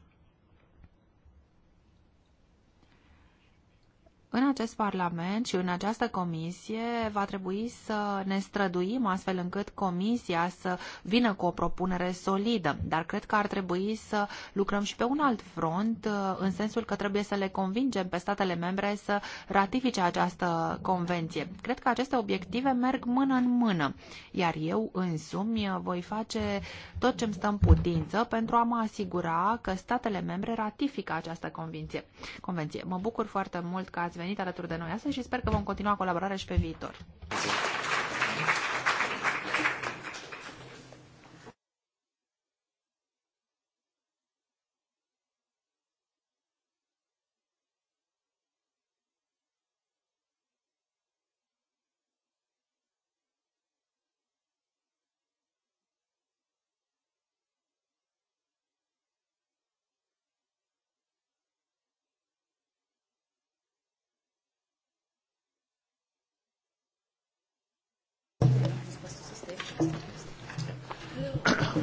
În acest Parlament și în această comisie va trebui să ne străduim astfel încât comisia să vină cu o propunere solidă, dar cred că ar trebui să lucrăm și pe un alt front, uh, în sensul că trebuie să le convingem pe statele membre să ratifice această convenție. Cred că aceste obiective merg mână în mână, iar eu însumi uh, voi face tot ce mi stă în putință pentru a mă asigura că statele membre ratifică această convenție. convenție. Mă bucur foarte mult că ați venit alături de noi astăzi și sper că vom continua colaborarea și pe viitor.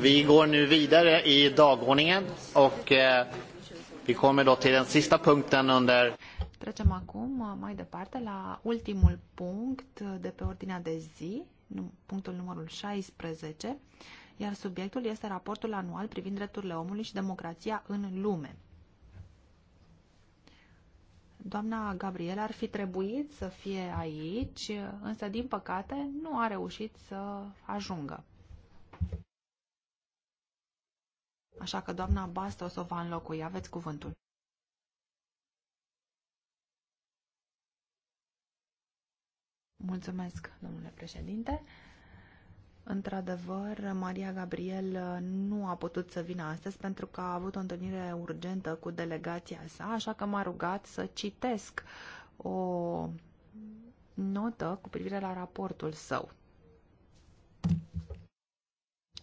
Vi går nu vidare i dagordningen och eh, vi kommer då till den sista punkten under Trecem acum eh, mai departe la ultimul punct de pe ordinea de zi, punctul numărul 16, iar subiectul este raportul anual privind drepturile omului și democrația în lume. Doamna Gabriel ar fi trebuit să fie aici, însă, din păcate, nu a reușit să ajungă. Așa că doamna Bastos o va înlocui. Aveți cuvântul. Mulțumesc, domnule președinte. Într-adevăr, Maria Gabriel uh, nu a putut să vină astăzi pentru că a avut o întâlnire urgentă cu delegația sa, așa că m-a rugat să citesc o notă cu privire la raportul său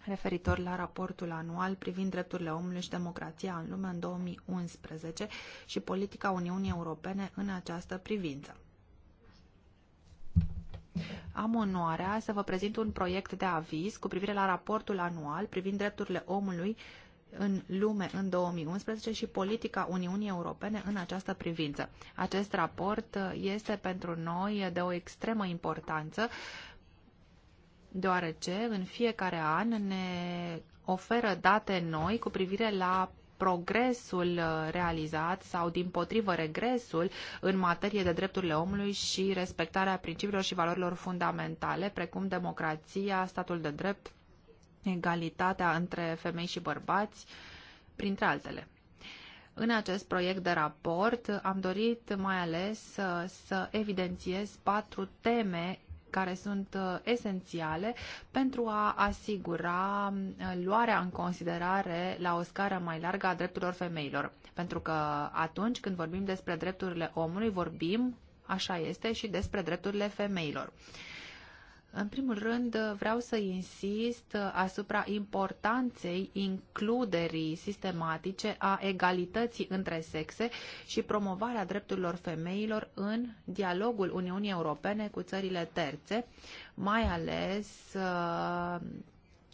referitor la raportul anual privind drepturile omului și democrația în lume în 2011 și politica Uniunii Europene în această privință. Am onoarea să vă prezint un proiect de aviz cu privire la raportul anual privind drepturile omului în lume în 2011 și politica Uniunii Europene în această privință. Acest raport este pentru noi de o extremă importanță, deoarece în fiecare an ne oferă date noi cu privire la progresul uh, realizat sau, din potrivă, regresul în materie de drepturile omului și respectarea principiilor și valorilor fundamentale, precum democrația, statul de drept, egalitatea între femei și bărbați, printre altele. În acest proiect de raport am dorit mai ales să, să evidențiez patru teme care sunt uh, esențiale pentru a asigura uh, luarea în considerare la o scară mai largă a drepturilor femeilor. Pentru că atunci când vorbim despre drepturile omului, vorbim, așa este, și despre drepturile femeilor. În primul rând, vreau să insist asupra importanței includerii sistematice a egalității între sexe și promovarea drepturilor femeilor în dialogul Uniunii Europene cu țările terțe, mai ales uh,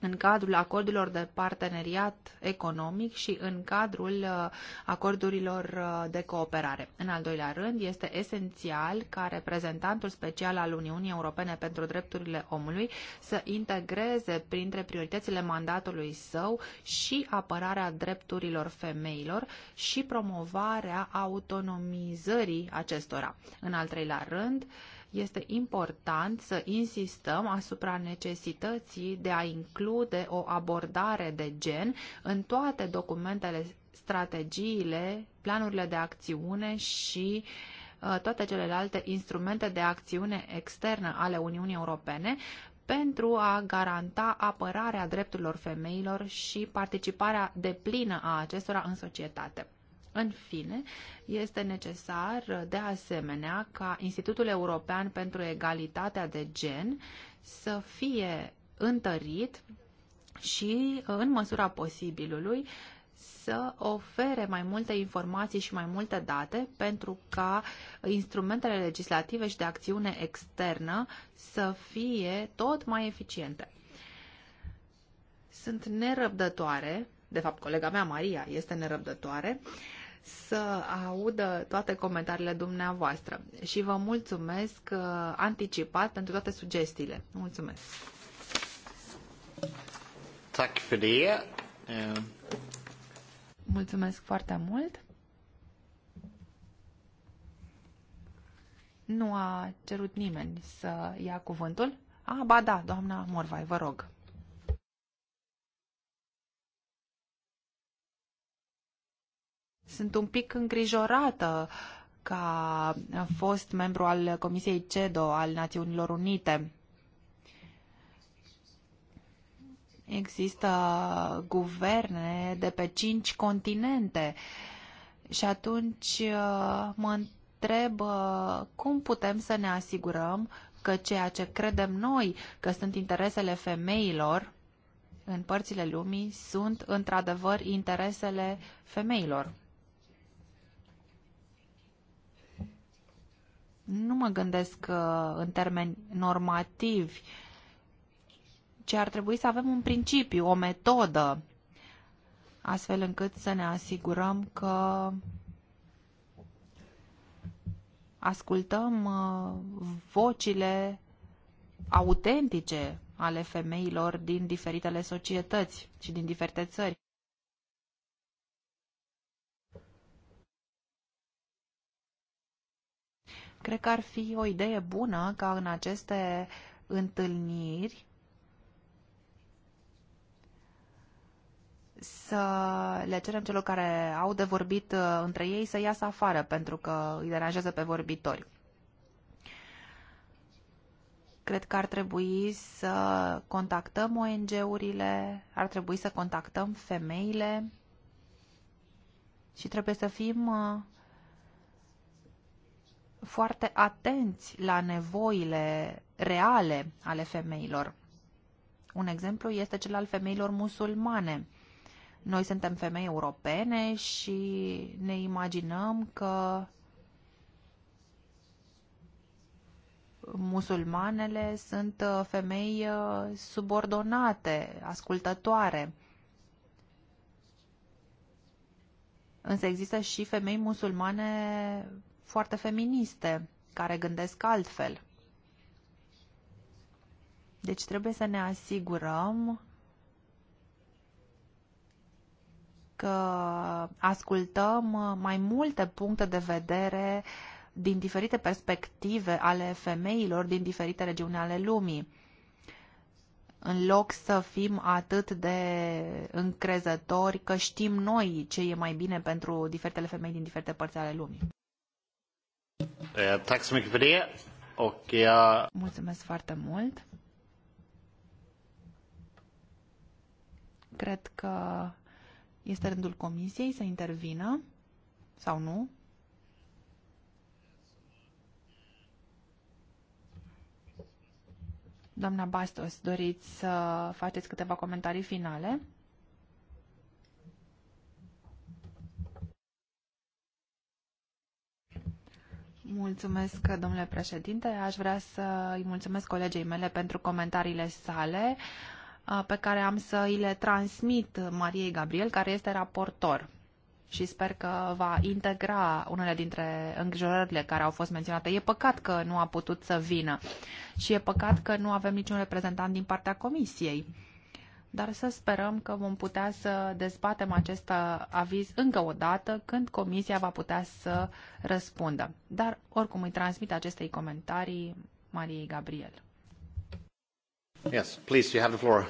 în cadrul acordurilor de parteneriat economic și în cadrul uh, acordurilor uh, de cooperare. În al doilea rând, este esențial ca reprezentantul special al Uniunii Europene pentru Drepturile Omului să integreze printre prioritățile mandatului său și apărarea drepturilor femeilor și promovarea autonomizării acestora. În al treilea rând, este important să insistăm asupra necesității de a include o abordare de gen în toate documentele, strategiile, planurile de acțiune și uh, toate celelalte instrumente de acțiune externă ale Uniunii Europene pentru a garanta apărarea drepturilor femeilor și participarea deplină a acestora în societate. În fine, este necesar de asemenea ca Institutul European pentru Egalitatea de Gen să fie întărit și, în măsura posibilului, să ofere mai multe informații și mai multe date pentru ca instrumentele legislative și de acțiune externă să fie tot mai eficiente. Sunt nerăbdătoare, de fapt colega mea Maria este nerăbdătoare, uh, să audă toate comentariile dumneavoastră și vă mulțumesc uh, anticipat pentru toate sugestiile. Mulțumesc!
Tack eh.
Mulțumesc foarte mult! Nu a cerut nimeni să ia cuvântul? A, ba da, doamna Morvai, vă rog. Sunt un pic îngrijorată ca fost membru al Comisiei CEDO al Națiunilor Unite. Există guverne de pe cinci continente și atunci uh, mă întreb uh, cum putem să ne asigurăm că ceea ce credem noi că sunt interesele femeilor în părțile lumii sunt într-adevăr interesele femeilor. nu mă gândesc uh, în termeni normativi, ci ar trebui să avem un principiu, o metodă, astfel încât să ne asigurăm că ascultăm uh, vocile autentice ale femeilor din diferitele societăți și din diferite țări. Cred că ar fi o idee bună ca în aceste întâlniri să le cerem celor care au de vorbit uh, între ei să iasă afară pentru că îi deranjează pe vorbitori. Cred că ar trebui să contactăm ONG-urile, ar trebui să contactăm femeile și trebuie să fim uh, foarte atenți la nevoile reale ale femeilor. Un exemplu este cel al femeilor musulmane. Noi suntem femei europene și ne imaginăm că musulmanele sunt uh, femei uh, subordonate, ascultătoare. Însă există și femei musulmane foarte feministe care gândesc altfel. Deci trebuie să ne asigurăm că ascultăm mai multe puncte de vedere din diferite perspective ale femeilor din diferite regiuni ale lumii. În loc să fim atât de încrezători că știm noi ce e mai bine pentru diferitele femei din diferite părți ale lumii. Eh, Mulțumesc foarte mult. Cred că este rândul comisiei să intervină sau nu? Doamna Bastos, doriți să faceți câteva comentarii finale? Mulțumesc, domnule președinte. Aș vrea să îi mulțumesc colegei mele pentru comentariile sale pe care am să îi le transmit Mariei Gabriel, care este raportor și sper că va integra unele dintre îngrijorările care au fost menționate. E păcat că nu a putut să vină și e păcat că nu avem niciun reprezentant din partea comisiei dar să sperăm că vom putea să dezbatem acest aviz încă o dată când comisia va putea să răspundă. Dar oricum îi transmit acestei comentarii Mariei Gabriel. Yes, please, you have the floor.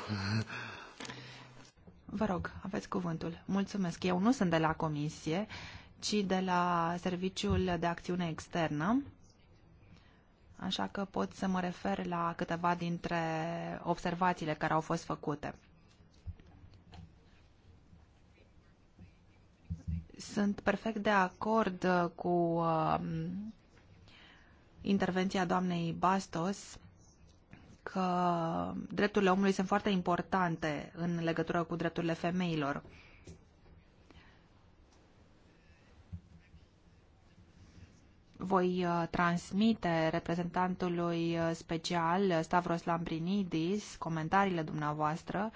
Vă rog, aveți cuvântul. Mulțumesc. Eu nu sunt de la comisie, ci de la Serviciul de Acțiune Externă, așa că pot să mă refer la câteva dintre observațiile care au fost făcute. Sunt perfect de acord uh, cu um, intervenția doamnei Bastos că drepturile omului sunt foarte importante în legătură cu drepturile femeilor. voi uh, transmite reprezentantului uh, special Stavros Lambrinidis comentariile dumneavoastră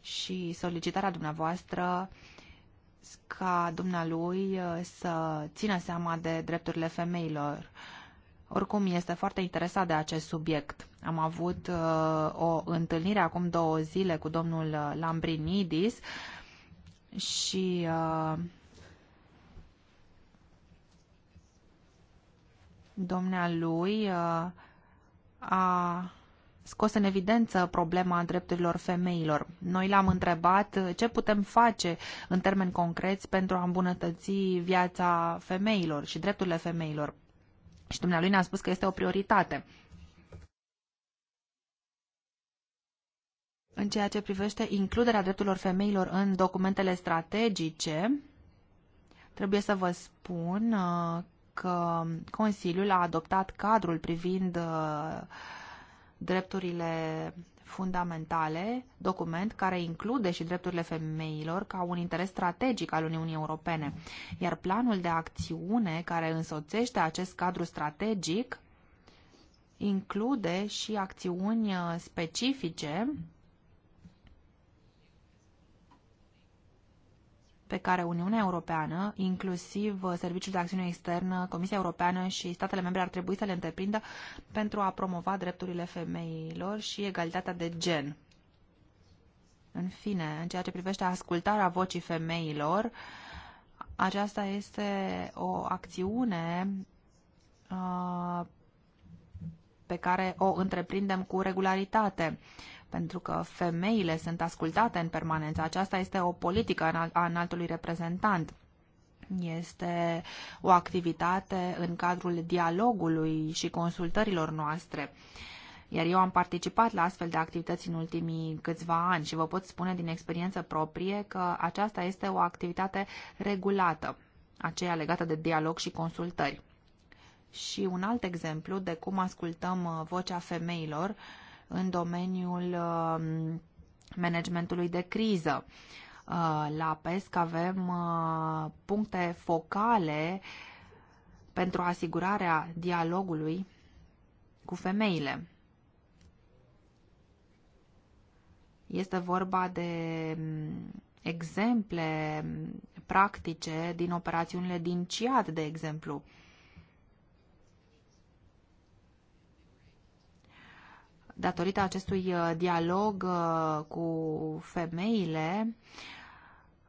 și solicitarea dumneavoastră ca dumnealui uh, să țină seama de drepturile femeilor. Oricum, este foarte interesat de acest subiect. Am avut uh, o întâlnire acum două zile cu domnul uh, Lambrinidis și uh, domnea lui uh, a scos în evidență problema drepturilor femeilor. Noi l-am întrebat uh, ce putem face în termeni concreți pentru a îmbunătăți viața femeilor și drepturile femeilor. Și dumnealui ne-a spus că este o prioritate. În ceea ce privește includerea drepturilor femeilor în documentele strategice, trebuie să vă spun uh, că Consiliul a adoptat cadrul privind uh, drepturile fundamentale, document care include și drepturile femeilor ca un interes strategic al Uniunii Europene. Iar planul de acțiune care însoțește acest cadru strategic include și acțiuni uh, specifice pe care Uniunea Europeană, inclusiv uh, Serviciul de Acțiune Externă, Comisia Europeană și statele membre ar trebui să le întreprindă pentru a promova drepturile femeilor și egalitatea de gen. În fine, în ceea ce privește ascultarea vocii femeilor, aceasta este o acțiune uh, pe care o întreprindem cu regularitate pentru că femeile sunt ascultate în permanență. Aceasta este o politică a înaltului reprezentant. Este o activitate în cadrul dialogului și consultărilor noastre. Iar eu am participat la astfel de activități în ultimii câțiva ani și vă pot spune din experiență proprie că aceasta este o activitate regulată, aceea legată de dialog și consultări. Și un alt exemplu de cum ascultăm uh, vocea femeilor uh, în domeniul um, managementului de criză. Uh, la PESC avem uh, puncte focale pentru asigurarea dialogului cu femeile. Este vorba de um, exemple practice din operațiunile din CIAD, de exemplu. datorită acestui uh, dialog uh, cu femeile,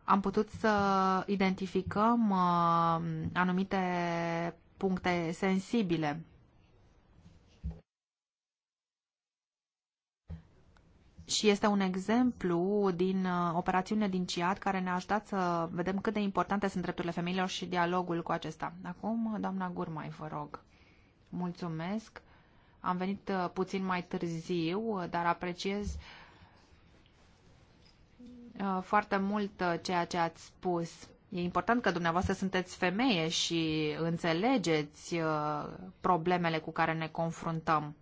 am putut să identificăm uh, anumite puncte sensibile. Și este un exemplu din operațiune din CIAD care ne-a ajutat să vedem cât de importante sunt drepturile femeilor și dialogul cu acesta. Acum, doamna Gurmai, vă rog. Mulțumesc. Am venit uh, puțin mai târziu, uh, dar apreciez uh, foarte mult ceea ce ați spus. E important că dumneavoastră sunteți femeie și înțelegeți problemele cu care ne confruntăm.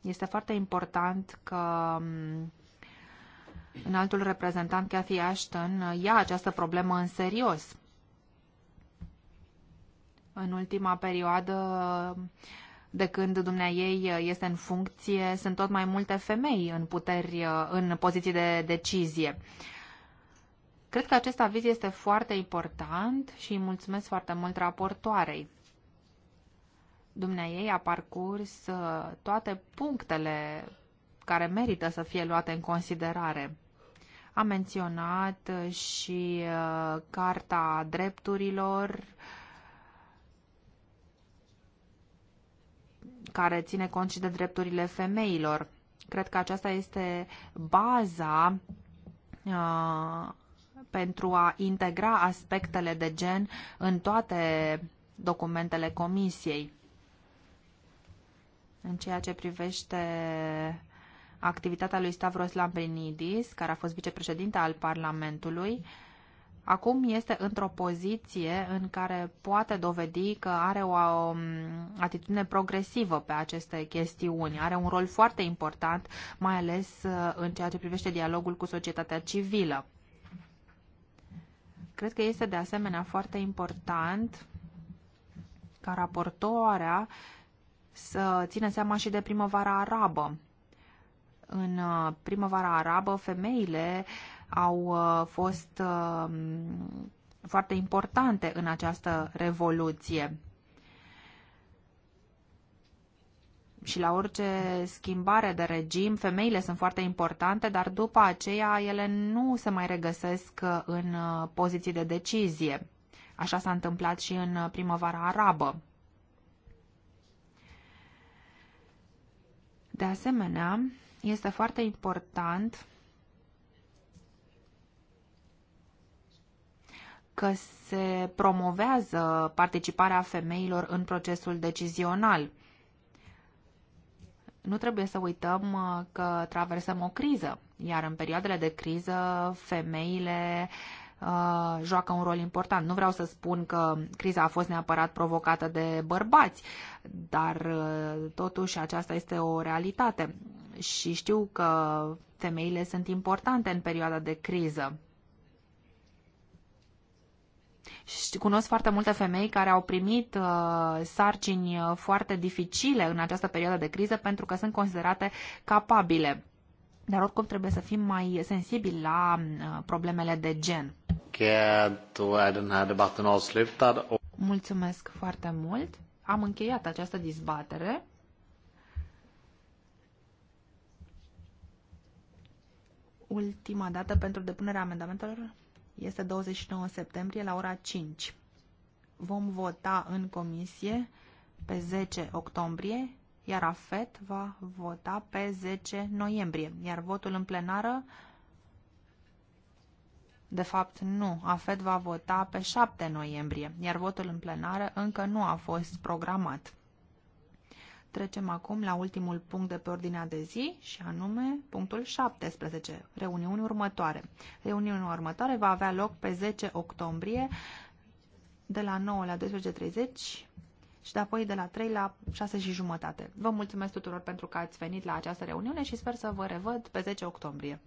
Este foarte important că um, altul reprezentant Cathy Ashton ia această problemă în serios în ultima perioadă de când dumnea ei uh, este în funcție, sunt tot mai multe femei în puteri, uh, în poziții de decizie. Cred că acest aviz este foarte important și îi mulțumesc foarte mult raportoarei. Dumnea ei a parcurs uh, toate punctele care merită să fie luate în considerare. A menționat și Carta Drepturilor, care ține cont și de drepturile femeilor. Cred că aceasta este baza uh, pentru a integra aspectele de gen în toate documentele comisiei. În ceea ce privește activitatea lui Stavros Lambrinidis, care a fost vicepreședinte al Parlamentului, uh, acum este într-o poziție în care poate dovedi că are o, um, atitudine progresivă pe aceste chestiuni. Are un rol foarte important, mai ales uh, în ceea ce privește dialogul cu societatea civilă. Cred că este de asemenea foarte important ca raportoarea să țină seama și de primăvara arabă. În uh, primăvara arabă, femeile uh, au uh, fost um, foarte importante în această revoluție. și la orice schimbare de regim, femeile sunt foarte importante, dar după aceea ele nu se mai regăsesc uh, în uh, poziții de decizie. Așa s-a întâmplat și în primăvara arabă. De asemenea, este foarte important că se promovează participarea femeilor în procesul decizional. Nu trebuie să uităm uh, că traversăm o criză, iar în perioadele de criză femeile uh, joacă un rol important. Nu vreau să spun că criza a fost neapărat provocată de bărbați, dar uh, totuși aceasta este o realitate și știu că femeile sunt importante în perioada de criză. Și cunosc foarte multe femei care au primit uh, sarcini uh, foarte dificile în această perioadă de criză pentru că sunt considerate capabile. Dar oricum trebuie să fim mai sensibili la uh, problemele de gen. Mulțumesc foarte mult. Am încheiat această dezbatere. Ultima dată pentru depunerea amendamentelor este 29 septembrie la ora 5. Vom vota în comisie pe 10 octombrie, iar AFET va vota pe 10 noiembrie, iar votul în plenară de fapt, nu. AFET va vota pe 7 noiembrie, iar votul în plenară încă nu a fost programat. Trecem acum la ultimul punct de pe ordinea de zi și anume punctul 17, reuniuni următoare. Reuniunea următoare va avea loc pe 10 octombrie de la 9 la 12.30 și de apoi de la 3 la 6 și jumătate. Vă mulțumesc tuturor pentru că ați venit la această reuniune și sper să vă revăd pe 10 octombrie.